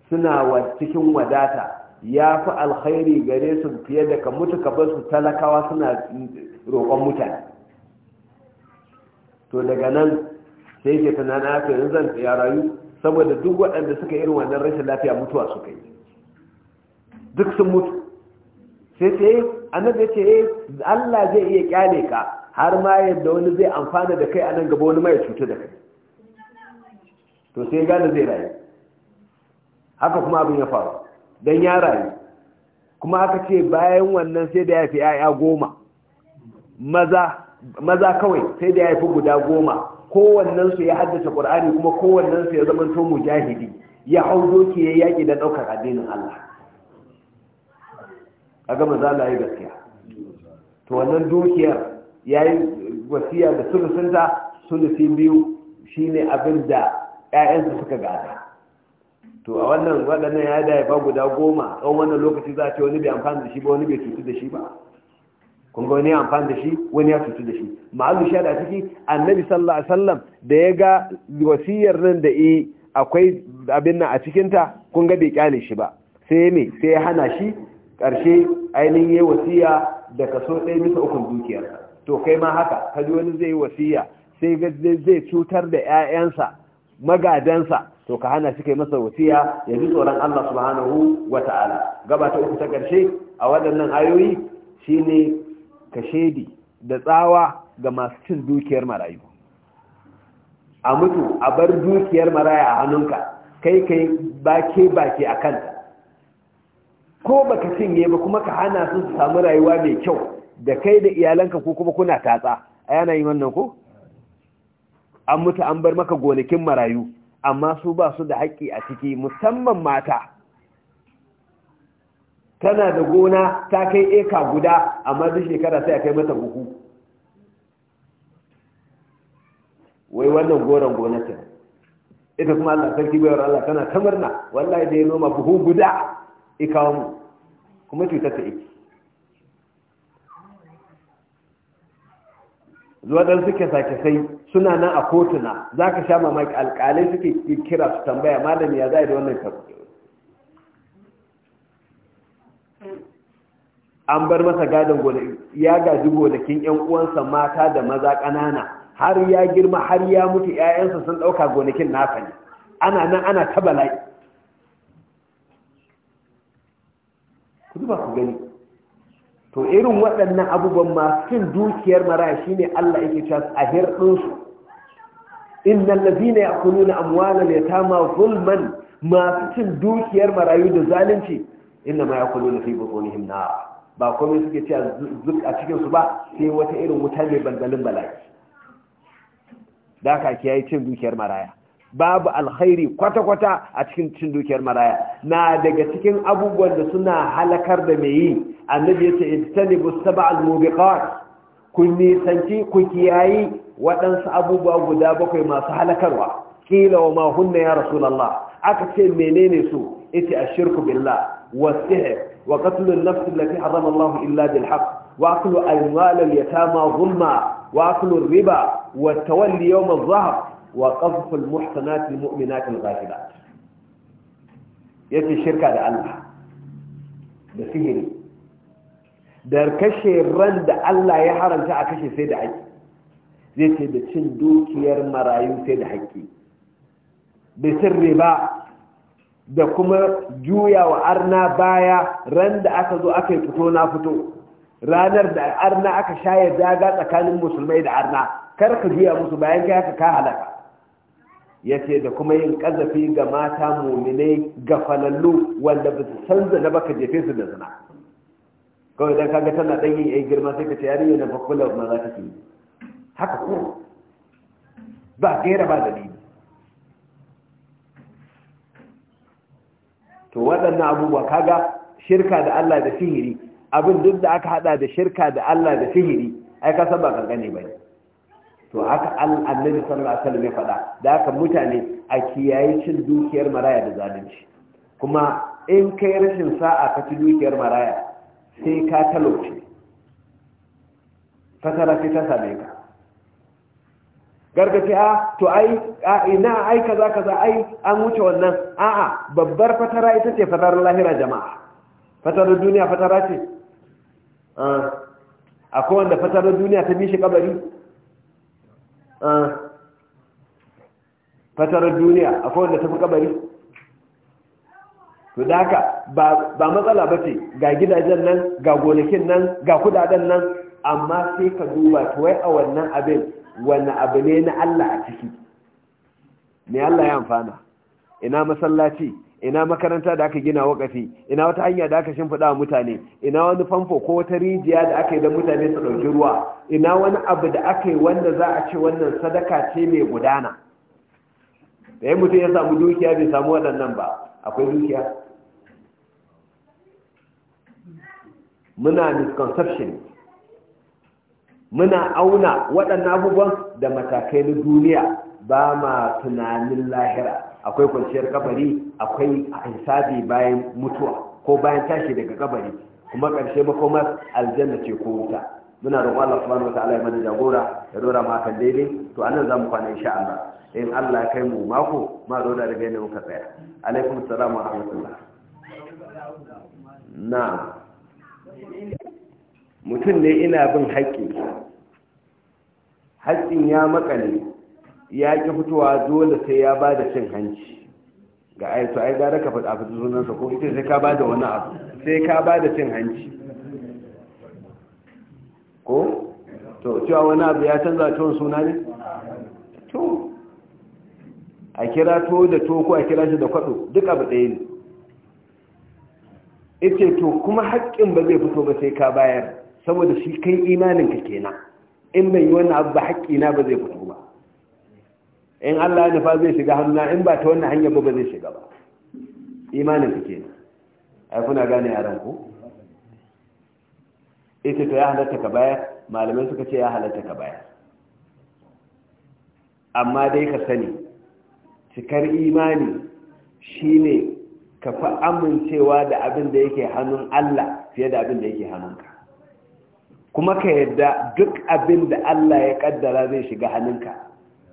suna cikin wadata ya fi alkhairi gare su fiye da ka mutu ka basu talakawa suna roƙon mutane to daga nan sai ke tunanin haka ah, yanzu zan ya rayu saboda duk waɗanda suka irin wannan rashin lafiya mutuwa suka yi duk sun mutu sai ce eh, annabi ce eh, Allah zai iya kyale ka har ma yadda wani zai amfana da kai a nan gaba wani mai cuta da kai to sai gane zai rayu haka kuma abin ya faru don ya rayu kuma aka ce bayan wannan sai da ya fi yaya goma maza kawai sai da ya fi guda goma kowannensu ya haddace ƙur'ani kuma kowannensu ya zama to mujahidi ya hau doki ya yaƙi da ɗaukar addinin Allah a gama zala yi gaskiya to wannan dukiyar ya yi wasiya da sulusunta sulusi biyu shine abin da 'ya'yansu suka gada to a wannan waɗannan ya da haifa guda goma tsawon wannan lokaci za a ce wani bai amfani da shi ba wani bai cutu da shi ba kun wani ya amfani da shi wani ya cutu da shi ma'azu shi da ciki annabi sallallahu alaihi wasallam da ya ga wasiyar nan da yi akwai abin nan a cikinta kun ga bai kyale shi ba sai me sai ya hana shi karshe ainihin yayi wasiya da kaso ɗaya bisa ukun dukiyar to kai ma haka kaji wani zai yi wasiya sai zai cutar da ƴaƴansa magadansa to ka hana shi masa wasiya ya ji tsoron Allah subhanahu wa ta'ala gaba uku ta karshe a waɗannan ayoyi shine kashedi da tsawa ga masu cin dukiyar marayu a mutu a bar dukiyar maraya a hannunka kai kai bake bake a kanta ko baka cinye ba kuma ka hana su su samu rayuwa mai kyau da kai da iyalanka ko kuma kuna tatsa a yanayin wannan ko an mutu an bar maka gonakin marayu amma su ba su da haƙƙi a ciki musamman mata tana da gona ta kai eka guda amma duk shekara sai a kai mata buhu wai wannan goron gonata ita kuma Allah sarki bayar Allah tana tamarna wallahi da ya noma buhu guda Ika mu kuma cutar ta iki zuwa dan suke sake sai suna nan a kotuna za ka sha mamaki alƙalai suke kira su tambaya malami ya za da wannan karfi an bar masa gadon gona ya gaji gonakin yan uwansa mata da maza ƙanana har ya girma har ya mutu 'ya'yansa sun ɗauka gonakin nasa ne ana nan ana taba layi. ku ba ku gani to irin waɗannan abubuwan masu cin dukiyar mara shi ne Allah yake cas a hirɗinsu innan ne a kunu na ne ya ma zulman masu cin dukiyar marayu da zalunci inda ma ya kunu na fi bukunihim na ba kome suke ce a cikinsu ba sai wata irin wuta mai bangalin bala'i da ka yi cin dukiyar maraya babu alkhairi kwata-kwata a cikin cin dukiyar maraya na daga cikin abubuwan da suna halakar da mai yi annabi ya ce ittani busaba al-mubiqat ku nisanci ku kiyayi waɗansu abubuwa guda bakwai masu halakarwa kila wa mahunna ya rasulallah aka ce menene su ita ashirku billah wa sihr wa qatl an-nafs allati harrama Allah illa bil haqq wa aklu al-mal al-yatama dhulma wa aklu riba wa tawalli yawm adh-dhahr wa qadhf al-muhsanat al-mu'minat al-ghafilat yace shirka da Allah da sihiri da kashe ran da Allah ya haramta a kashe sai da haƙƙi zai ce da cin dukiyar marayu sai da haƙƙi da sirri ba. da kuma juya wa arna baya ran da aka zo aka yi fito na fito ranar da arna aka ya daga tsakanin musulmai da arna kar ka juya musu bayan kai aka ka halaka Yace da kuma yin ƙazafi ga mata muminai ga falallu wanda ba su canza na baka jefe su da zina kawai don kaga tana dan yin yayin girma sai ka ce yarinya na fakula ma za ta yi haka ko ba gaira ba dalili to waɗannan abubuwa kaga shirka da Allah da sihiri abin duk da aka hada da shirka da Allah da sihiri ai ka san ba kankane bane to aka annabi sallallahu alaihi wasallam ya faɗa da aka mutane a kiyaye cin dukiyar maraya da zalunci kuma in kai rashin sa'a ka ci dukiyar maraya sai ka talauce fatara sai ta same ka gargace a ah, to ai a ina ai kaza kaza ai an wuce wannan a'a babbar fatara ita ce fatarar lahira jama'a fatar duniya fatara ce ah, akwai wanda fatarar duniya ta bishi kabari ah, fatarar duniya akwai wanda ta fi kabari to haka ba matsala ba ce ga gidajen nan ga gonakin nan ga kudaden nan amma sai ka duba to wai a wannan abin wani abu ne na Allah a ciki me Allah ya amfana ina masallaci ina makaranta da aka gina wakafi ina wata hanya da aka shimfiɗa mutane ina wani famfo ko wata rijiya da aka yi don mutane su ɗauki ruwa ina wani abu da aka yi wanda za a ce wannan sadaka ce mai gudana da mutum ya samu dukiya bai samu waɗannan ba akwai dukiya muna misconception muna auna waɗannan abubuwan da matakai na duniya ba ma tunanin lahira akwai kwanciyar kabari akwai hisabi bayan mutuwa ko bayan tashi daga kabari kuma ƙarshe makomar aljanna ce ko wuta muna da Allah subhanahu ta'ala ya mana jagora ya dora mu hakan daidai to anan zamu kwana insha Allah in Allah ya kai mu mako ma dora da daga yanda muka tsaya alaikum assalam wa rahmatullah mutum ne ina bin haƙƙi haƙƙin ya makale ya ƙi fitowa dole sai ya ba da cin hanci ga aito ai gara ka faɗa fito sunansa ko ita sai ka ba da wani abu sai ka ba da cin hanci ko to cewa wani abu ya canza tuwon suna ne to a kira to da to ko a kira shi da kwaɗo duk abu ɗaya ne yace to kuma haƙƙin ba zai fito ba sai ka bayar saboda shi kai imanin ka kenan in bai yi wannan abu ba haƙƙi na ba zai fito ba in Allah ya nufa zai shiga hannuna in ba ta wannan hanyar ba ba zai shiga ba imanin ka kenan ai kuna gane yaran ku ita to ya halatta ka bayar malamai suka ce ya halatta ka bayar amma dai ka sani cikar imani shine ka fi amincewa da abin da yake hannun Allah fiye da abin da yake hannunka kuma ka yadda duk abin da Allah ya kaddara zai shiga hannunka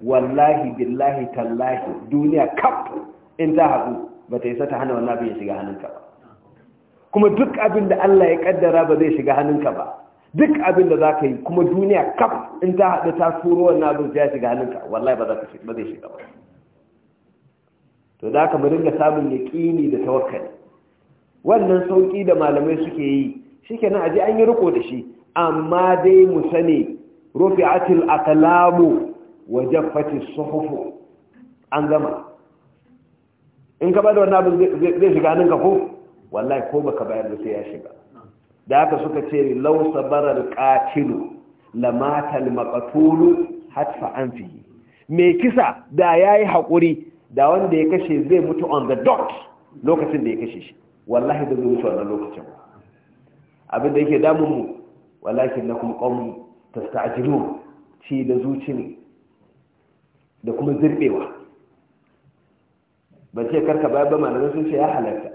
wallahi billahi tallahi duniya kaf in ta haɗu ba ta isa ta hana wannan abin ya shiga hannunka ba kuma duk abin da Allah ya kaddara ba zai shiga hannunka ba duk abin da za ka yi kuma duniya kaf in ta haɗu ta turo wannan abin ya shiga hannunka wallahi ba zai shiga ba to da ka mu samun yaqini da tawakkali wannan sauƙi da malamai suke yi shikenan aje an yi riko da shi amma dai mu sani rufi'atil aqlamu wa jaffatis suhuf an gama in ka bada wannan abin zai shiga nan ka ko wallahi ko baka bayar da sai ya shiga da haka suka ce law sabara lamatal qatilu al-maqtulu hatfa anfihi me kisa da yayi hakuri da wanda ya kashe zai mutu on the dot lokacin da ya kashe shi wallahi da zai mutu wannan lokacin abin da yake damun mu wallahi na kuma ta tasta'jilun ci da zuci ne da kuma zirbewa ba ce karka bayar ba ma'anar sun ce ya halarta.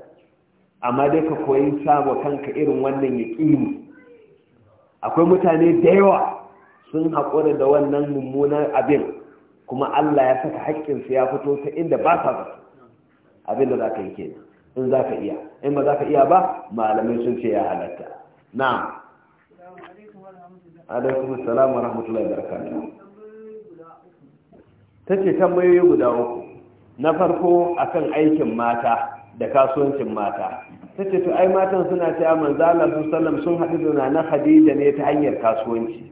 amma dai ka koyi samu kanka irin wannan mu. akwai mutane da yawa sun haƙura da wannan mummunan abin kuma Allah ya saka haƙƙinsu ya fito ta inda ba sa zato abinda za ka yi kenan in za ka iya in ba za ka iya ba malamai sun ce ya halatta Na. alaikum salam wa rahmatullahi wa barakatuh tace tambayoyi guda uku na farko akan aikin mata da kasuwancin mata tace to ai matan suna cewa manzo Allah sallallahu sun haɗu da na Khadija ne ta hanyar kasuwanci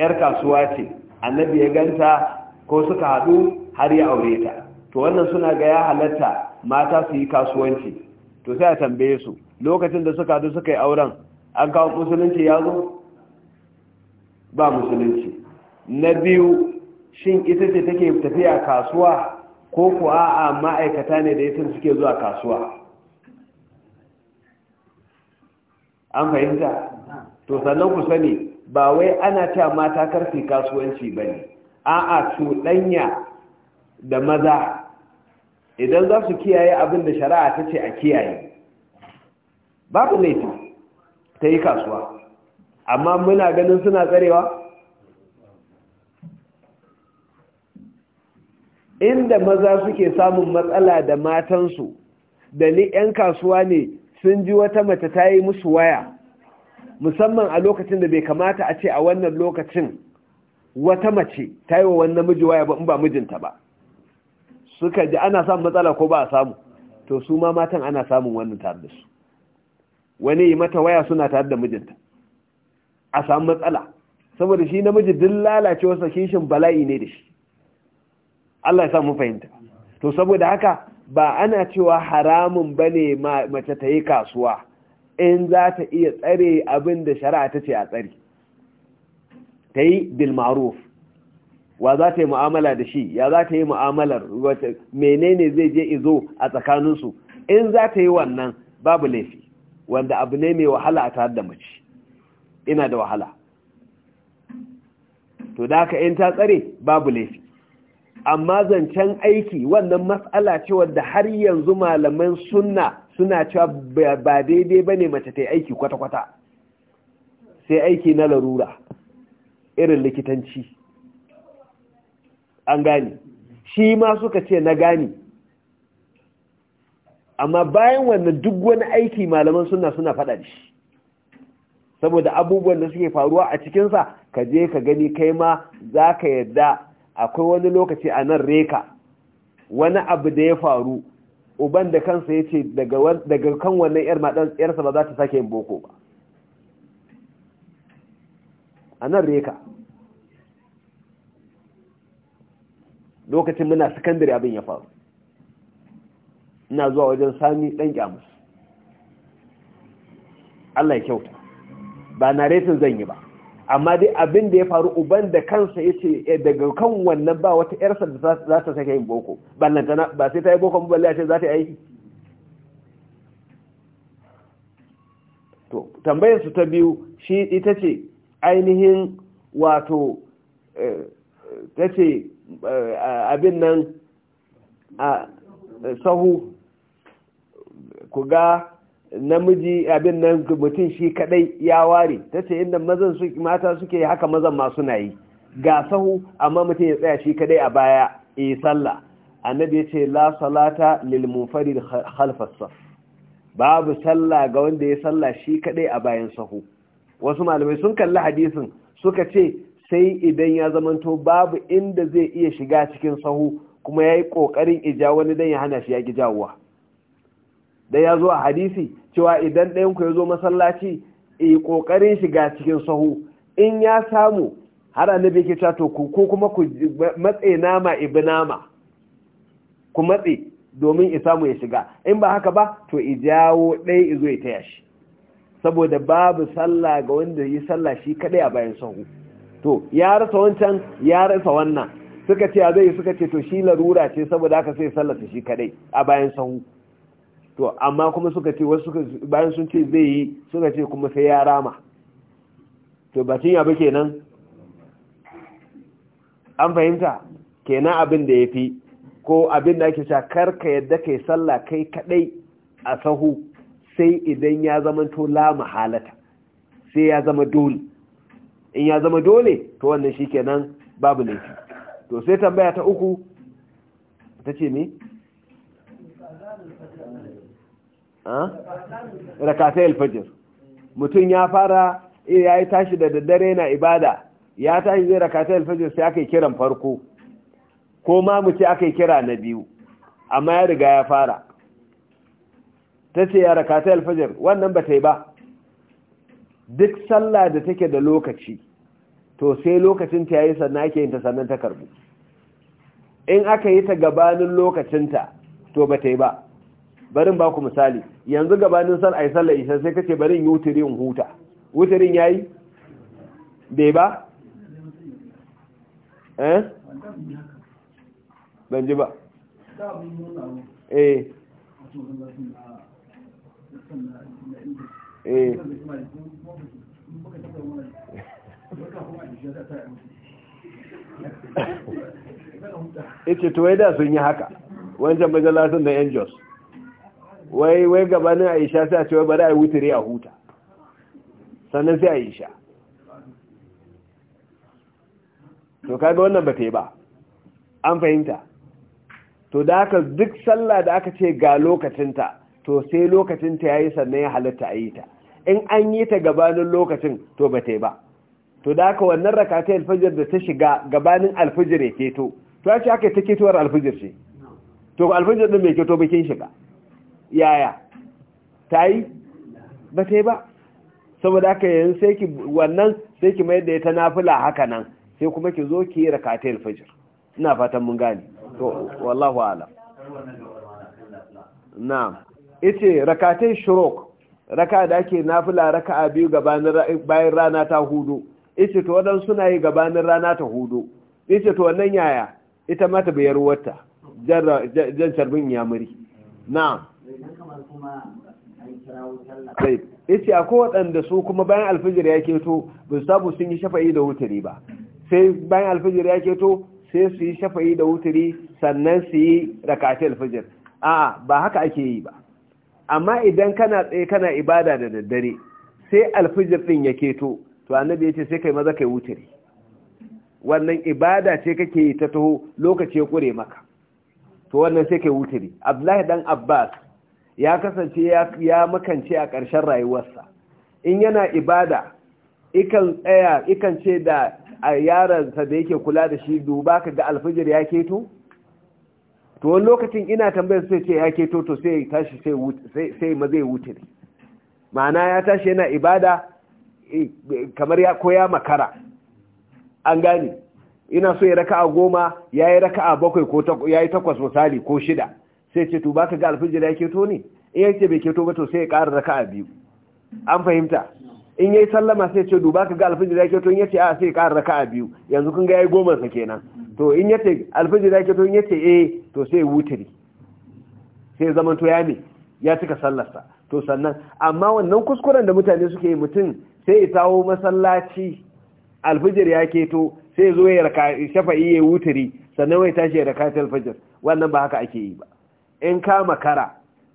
yar kasuwa ce annabi ya ganta ko suka haɗu har ya aure ta to wannan suna ga ya halatta mata su yi kasuwanci to sai a tambaye su lokacin da suka haɗu suka yi auren an kawo musulunci ya zo ba musulunci na biyu shin ita ce take tafiya kasuwa ko kuwa a ma'aikata ne da yasin suke zuwa kasuwa an fahimta to sannan ku sani ba wai ana cewa mata karfi kasuwanci ba ne a'a cuɗanya da maza idan za su kiyaye abin da shari'a ta ce a kiyaye babu laita ta yi kasuwa amma muna ganin suna tsarewa inda maza suke samun matsala da matansu da ni 'yan kasuwa ne sun ji wata mace ta yi musu waya musamman a lokacin da bai kamata a ce a wannan lokacin wata mace ta yi wa wani namiji waya ba in ba mijinta ba suka ji ana samun matsala ko ba a samu to su ma matan ana samun wannan tare da su wani yi mata waya suna tare da mijinta a samu matsala saboda shi namiji duk lalacewarsa kishin bala'i ne da shi Allah ya samu fahimta to saboda haka ba ana cewa haramun bane mace ta yi kasuwa in za ta iya tsare abin da shari'a ta ce a tsare ta yi bilmaruf wa za ta yi mu'amala da shi ya za ta yi mu'amalar menene zai je izo a tsakaninsu in za ta yi wannan babu laifi wanda abu ne mai wahala a tare da mace ina da wahala to da haka in ta tsare babu laifi amma zancen aiki wannan matsala ce wadda har yanzu malaman sunna suna cewa ba daidai ba ne mace ta yi aiki kwata-kwata sai aiki na larura irin likitanci an gane shi ma suka ce na gane amma bayan wannan duk wani aiki malaman suna suna faɗa shi saboda abubuwan da suke faruwa a cikinsa ka je ka gani kai ma za ka yadda akwai wani lokaci a nan reka wani abu da ya faru uban da kansa ya ce daga kan wannan 'yar 'yarsa ba za ta sake yin boko ba a nan reka lokacin muna sakandare abin ya faru ina zuwa wajen sami ɗan ƙyamus Allah ya kyauta ba na retin zan yi ba amma dai abin da ya faru uban da kansa ya ce eh, daga kan wannan ba wata yarsa da za ta sake yin boko ba sai ta yi boko balle a ce za ta yi aiki to tambayarsu ta biyu shi ita ce ainihin wato eh, eh, ta ce eh, abin nan a sahu ku ga namiji abin nan mutum shi kadai ya ware ta ce inda mazan mata suke haka mazan masu na yi ga sahu amma mutum ya tsaya shi kadai a baya e sallah annabi ya ce la salata lil munfarid khalfas babu sallah ga wanda ya sallah shi kadai a bayan sahu wasu malamai sun kalli hadisin suka ce sai idan ya zamanto babu inda zai iya shiga cikin sahu kuma ya yi ƙoƙarin ija wani don ya hana shi ya jawowa da ya zo a hadisi cewa idan ɗayanku ya zo masallaci yi ƙoƙarin shiga cikin sahu in ya samu har annabi ke cewa to ko kuma ku matse nama ibi nama ku matse domin i samu ya shiga in ba haka ba to i ɗaya izo ya taya shi saboda babu sallah ga wanda yi sallah shi kaɗai a bayan sahu to ya rasa wancan ya rasa wannan suka ce a zai suka ce to shi larura ce saboda aka sai sallata shi kaɗai a bayan sahu to amma kuma suka ce wasu bayan sun ce zai yi suka ce kuma sai ya rama to bacin ya kenan an fahimta kenan abin da ya fi ko abin da ake sha karka yadda kai sallah kai kadai a sahu sai idan ya to la mahalata sai ya zama dole in ya zama dole to wannan shikenan babu laifi to sai tambaya ta uku ta ce me ah? rakatai alfajir mutum ya fara eh, ya yi tashi da daddare na ibada ya tashi zai rakatai alfajir sai aka yi kiran farko ko ma mu ce aka yi kira na biyu amma ya riga ya fara ta ce ya rakatai alfajar wannan ba ta yi ba duk sallah da take da lokaci to sai lokacin ta yayi sannan ake yin ta sannan ta karbu in aka yi ta gabanin lokacinta to ba ta yi ba barin ba ku misali yanzu gabanin sal ai sallar isa sai kace barin yi huta wutirin yayi bai ba eh ban ji ba eh eh ita <laughs> to da sun yi haka wancan majalasun da yan jos wai wai gabanin aisha sai a ce wai bari a wutare a huta sannan sai aisha to kaga wannan ba ta yi ba an fahimta to da aka duk sallah da aka ce ga lokacinta to sai lokacin ta yayi sannan ya halatta a yi ta in an yi ta gabanin lokacin to ba ta yi ba to da haka wannan raka ta alfajir da ta shiga gabanin alfajir ya keto to ya ce aka ta ketowar alfajir ce to alfajir din mai keto bakin shiga yaya ta yi ba ta yi ba saboda haka yanzu sai ki wannan sai ki mayar da ta nafila haka nan sai kuma ki zo ki yi raka ta alfajir ina fatan mun gane to wallahu a'lam na'am ita rakatai shirok. raka da ake nafila a biyu gabanin bayan rana ta hudu ita to wadan suna yi gabanin rana ta hudu ita to wannan yaya ita ma ta bayar wata jan charbin yamuri na'am sai ita a waɗanda su kuma bayan alfijir ya keto ba su sabu sun yi shafa'i da wuturi ba sai bayan alfijir ya keto sai su yi shafa'i da wuturi sannan su yi rakatai alfijir a'a ba haka ake yi ba amma idan kana tsaye kana ibada da daddare sai alfijir din ya keto to annabi ya ce sai kai maza kai wutiri wannan ibada ce kake yi ta taho lokaci ya kure maka to wannan sai kai wutiri abdullahi dan abbas ya kasance ya makance a karshen rayuwarsa in yana ibada ikan tsaya ikan ce da a yaransa da yake kula da shi duba ka ga alfijir ya keto to wani lokacin ina tambayar sai ce ya ke toto sai ya tashi sai ma zai wuce ne ma'ana ya tashi yana ibada eh, kamar ya koya makara an gane ina so ya raka a goma ya yi raka a bakwai ko ya yi takwas misali ko shida sai ce to baka ga alfijir ya keto ne in yake bai keto ba to sai ya ƙara raka a biyu an fahimta in yayi sallama sai ce duba ka ga alfijir ya keto in yace a sai ya ƙara raka a biyu yanzu kun ga yayi goma sa kenan to in yace ya to in yace eh to sai wutiri sai zaman to ya ne ya cika sallarsa to sannan amma wannan kuskuren da mutane suke mutum sai ya tawo masallaci alfajir ya to sai zo ya raka shafa'i ya wutiri sannan wai tashi ya raka ta alfajir wannan ba haka ake yi ba in ka makara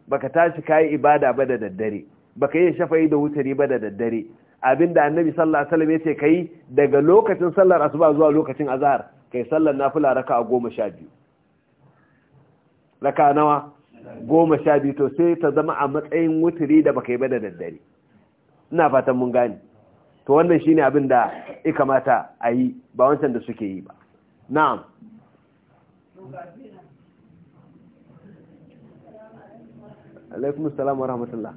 baka tashi kai ibada ba da daddare baka yi shafa'i da wutiri ba da daddare abinda annabi sallallahu alaihi wasallam yace kai daga lokacin sallar asuba zuwa lokacin azhar kai sallar nafila raka a goma sha biyu raka nawa goma sha biyu to sai ta zama a matsayin wuturi da baka yi ba da daddare ina fatan mun gane to wannan shine abin da i kamata a yi ba wancan da suke yi ba na'am alaikum wa rahmatullah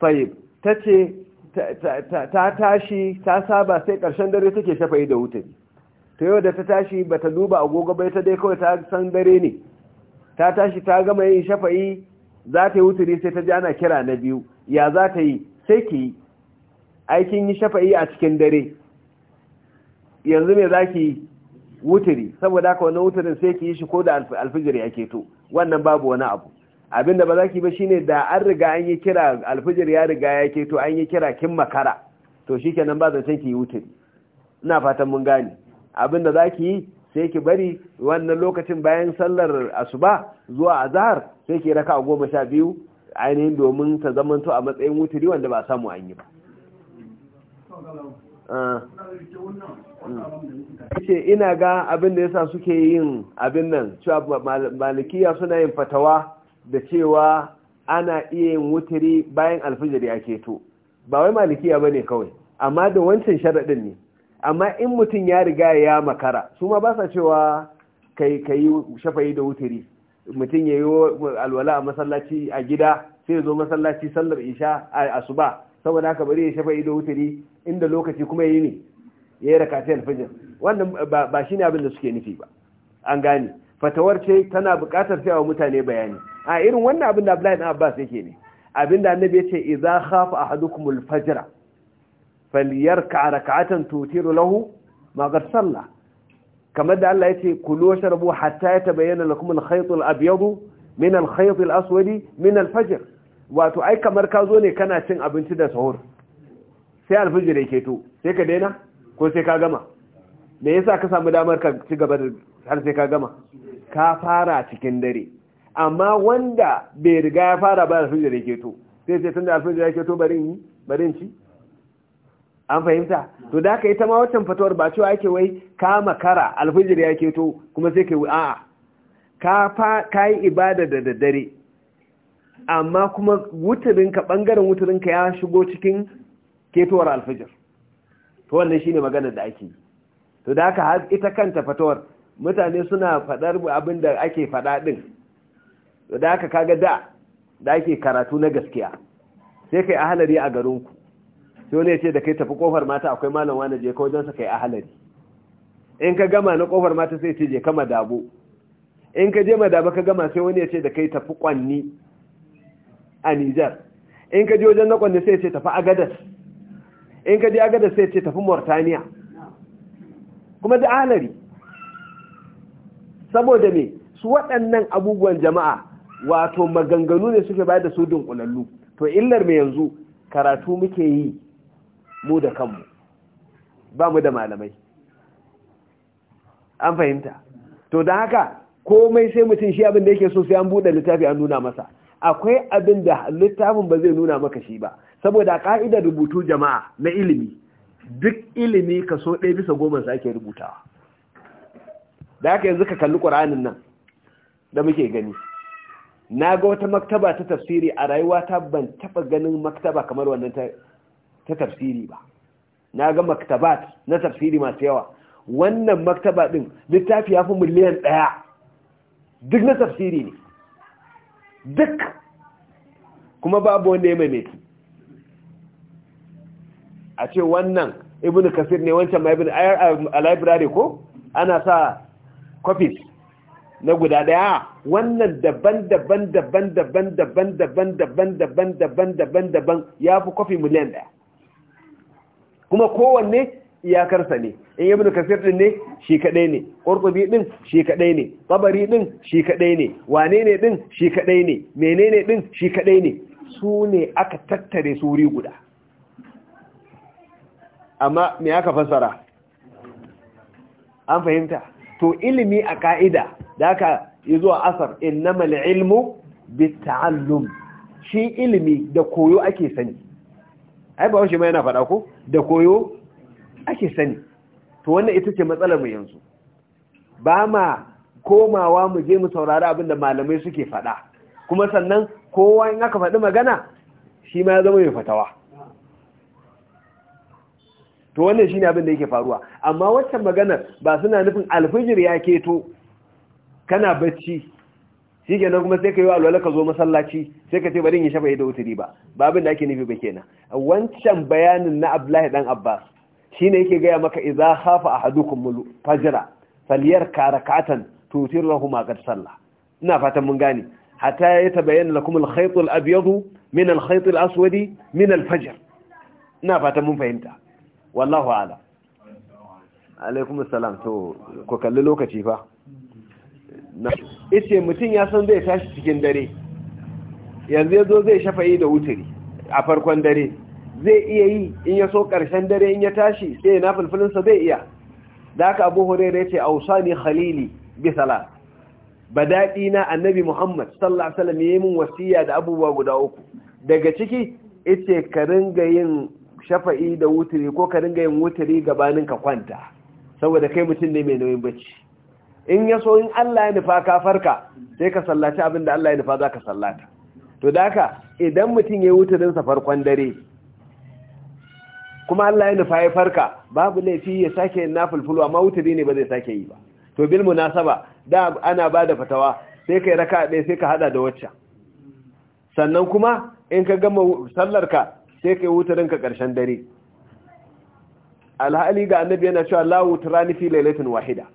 tayyib tace ta tashi ta saba sai ƙarshen dare take yi da wutari ta yau da ta tashi ba ta duba agogo bai ta dai kawai ta san dare ne ta tashi ta gama yin shafa'i za ta yi wutari sai ta ji ana kira na biyu ya za ta yi sai ki yi aikin yi shafa'i a cikin dare yanzu me za ki yi wutari saboda haka wani wutarin sai ki yi shi ko da alfijir ya to, wannan babu wani abu Abin da ba za ki ba shine da an riga an yi kira alfijir ya riga ya ke to an yi kira kin makara to shi kenan ba zancen ki yi wuturi ina fatan mun gane da za ki yi sai ki bari wannan lokacin bayan sallar asuba zuwa Azahar, sai ki raka goma sha biyu ainihin domin ta zamanto a matsayin wuturi wanda ba samu an yi ba ah. ce ina ga abin da yasa suke yin abin nan cewa malikiya suna yin fatawa da cewa ana iya yin wutiri bayan alfijir ya keto ba wai malikiya ba ne kawai amma da wancan sharaɗin ne amma in mutum ya riga ya makara su ma ba sa cewa kai kai shafayi da wutiri mutum ya yi alwala a masallaci a gida sai zo masallaci sallar isha a asuba saboda haka bari ya shafayi da wutiri inda lokaci kuma ya yi ne ya yi rakatun alfijir wannan ba shi ne abin da suke nufi ba an gane fatawar ce tana buƙatar sai wa mutane bayani a irin wannan abin da Abdullahi ibn Abbas yake ne abin da annabi yace idza khafa ahadukum al-fajr falyarka rak'atan tutiru lahu ma qad salla kamar da Allah yace kulu washrabu hatta yatabayyana lakum al-khayt al-abyad min al-khayt al-aswad min al-fajr wato ai kamar ka zo ne kana cin abinci da sahur sai al-fajr yake to sai ka daina ko sai ka gama me yasa ka samu damar ka ci gaba har sai ka gama ka fara cikin dare amma wanda bai riga ya fara ba alfijir yake to sai sai tunda alfijir yake to bari yi ci an fahimta to da ka ta ma wancan fatawar ba cewa ake wai ka makara alfajir yake to kuma sai ka yi a'a ka fa kai ibada da daddare amma kuma ka bangaren ka ya shigo cikin ketowar alfijir to wannan shine maganar da ake yi to da haka ita kanta fatawar mutane suna faɗar abin da ake faɗa ɗin da aka kaga da da ake karatu na gaskiya sai kai ahalari a garinku sai wani ya ce da kai tafi kofar mata akwai malam wani je ka wajensa kai ahalari in ka gama na kofar mata sai ce je ka madabo in ka je madabo ka gama sai wani ya ce da kai tafi kwanni a nijar in ka je wajen na kwanni sai ce tafi agadas in ka je agadas sai ce tafi mauritania kuma da ahalari saboda me su waɗannan abubuwan jama'a wato maganganu ne suke bayar da su dunkulallu to illar mai yanzu karatu muke yi mu da kanmu ba mu da malamai an fahimta to da haka komai sai mutum shi abin da yake so sai an buɗe littafi an nuna masa akwai abin da littafin ba zai nuna maka shi ba saboda ka'idar rubutu jama'a na ilimi duk ilimi kaso ɗaya bisa goma sa ake rubutawa da aka yanzu ka kalli ƙur'anin nan da muke gani na ga wata maktaba ta tafsiri a rayuwa ta ban taɓa ganin maktaba kamar wannan ta tafsiri ba na ga maktaba na tafsiri masu yawa wannan maktaba ɗin littafi ya fi miliyan ɗaya duk na tafsiri ne duk kuma babu wanda ya maimaiti a ce wannan ibn kasir ne wancan ma ibn a library ko ana sa copies na guda daya wannan daban-daban daban-daban daban-daban daban-daban daban-daban daban ya fi kofi miliyan daya kuma kowanne iyakarsa ne in yi bin kasir din ne shi kadai ne ƙorƙobi din shi kadai ne tsabari din shi kadai ne wane ne din shi kadai ne menene din shi kadai ne su ne aka tattare su wuri guda amma me aka fassara an fahimta to ilimi a ka'ida da aka yi zuwa asar innamal ilmu bitta'allum shi ilimi da koyo ake sani ai ba ma yana faɗa ko da koyo ake sani to wannan ita ce matsalar mu yanzu ba ma komawa mu je mu saurari abin da malamai suke faɗa kuma sannan kowa in aka faɗi magana shi ma ya zama mai fatawa to wannan shine abin da yake faruwa amma wannan maganar ba suna nufin alfijir ya keto kana bacci shi kenan kuma sai ka yi alwala ka zo masallaci sai ka ce bari in shafa da wuturi ba Ba abin da ake nufi ba kenan wancan bayanin na Abdullahi dan Abbas shine yake gaya maka idza khafa ahadukum fajra falyar karakatan tutirrahu ma qad salla ina fatan mun gane hatta ya tabayyana lakum al-khayt al-abyad min al-khayt al-aswad min al ina fatan mun fahimta wallahu ala alaikum salam to ku kalli lokaci fa ice mutum ya san zai tashi cikin dare yanzu ya zo zai shafa'i da wuturi a farkon dare zai iya yi in ya so ƙarshen dare in ya tashi sai na fulfulinsa zai iya da haka abu hurairu ce ausani khalili bi salat badaɗi na annabi muhammad sallallahu alaihi wasallam yayin wasiya da abubuwa guda uku daga ciki ita ka ringa yin shafa'i da wuturi ko ka dinga yin wuturi gabanin ka kwanta saboda kai mutum ne mai nauyin bacci in ya so in Allah ya nufa ka farka sai ka sallaci abin da Allah ya nufa za ka sallata to da haka idan mutum ya yi wuturin sa farkon dare kuma Allah ya nufa ya farka babu laifi ya sake yin nafulfulu amma wuturi ne ba zai sake yi ba to bil munasaba da ana ba da fatawa sai kai raka ɗaya sai ka hada da wacce sannan kuma in ka gama sallar ka. sai ka kai wutarinka ƙarshen dare alhali ga annabi yana cewa la ni fi lailatin wahida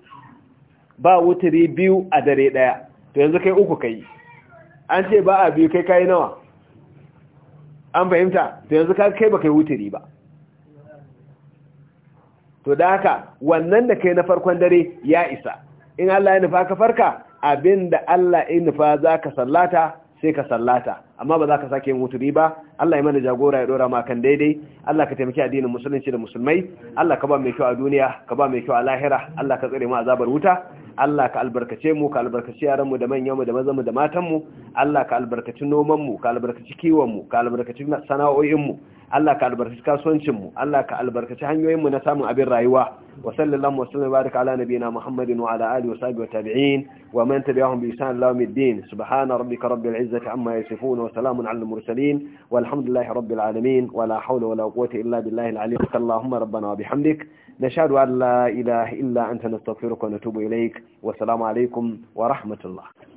ba wutari biyu a dare daya to yanzu kai uku kai an ce ba a biyu kai kai nawa an fahimta to yanzu ka kai ba kai wutari ba to da haka wannan da kai na farkon dare ya isa in Allah ya nufa ka farka abinda Allah ya nufa zaka sallata sai ka sallata amma ba za ka sake yin wuturi ba Allah ya mana jagora ya dora ma kan daidai Allah ka taimaki addinin musulunci da musulmai Allah ka ba mai kyau a duniya ka ba mai kyau a lahira Allah ka tsare mu azabar wuta Allah ka albarkace mu ka albarkaci yaran mu da manyan mu da mazan mu da matan mu Allah ka albarkaci noman mu ka albarkaci kiwon mu ka albarkaci sana'o'in mu Allah ka albarkaci kasuwancin mu Allah ka albarkaci hanyoyin mu na samun abin rayuwa wa sallallahu wa sallam baraka ala nabina Muhammadin wa ala alihi wa sahbihi wa tabi'in wa man tabi'ahum bi ihsan ila yawmiddin subhana rabbika rabbil izzati amma yasifun wa salamun alal mursalin walhamdulillahi rabbil alamin wa la hawla wa la quwwata illa billahi a ali allahumma rabbana wa bihamdik nashhadu an la ilaha illa anta nastaghfiruka wa natubu ilaik wa salamu alaikum wa rahmatullah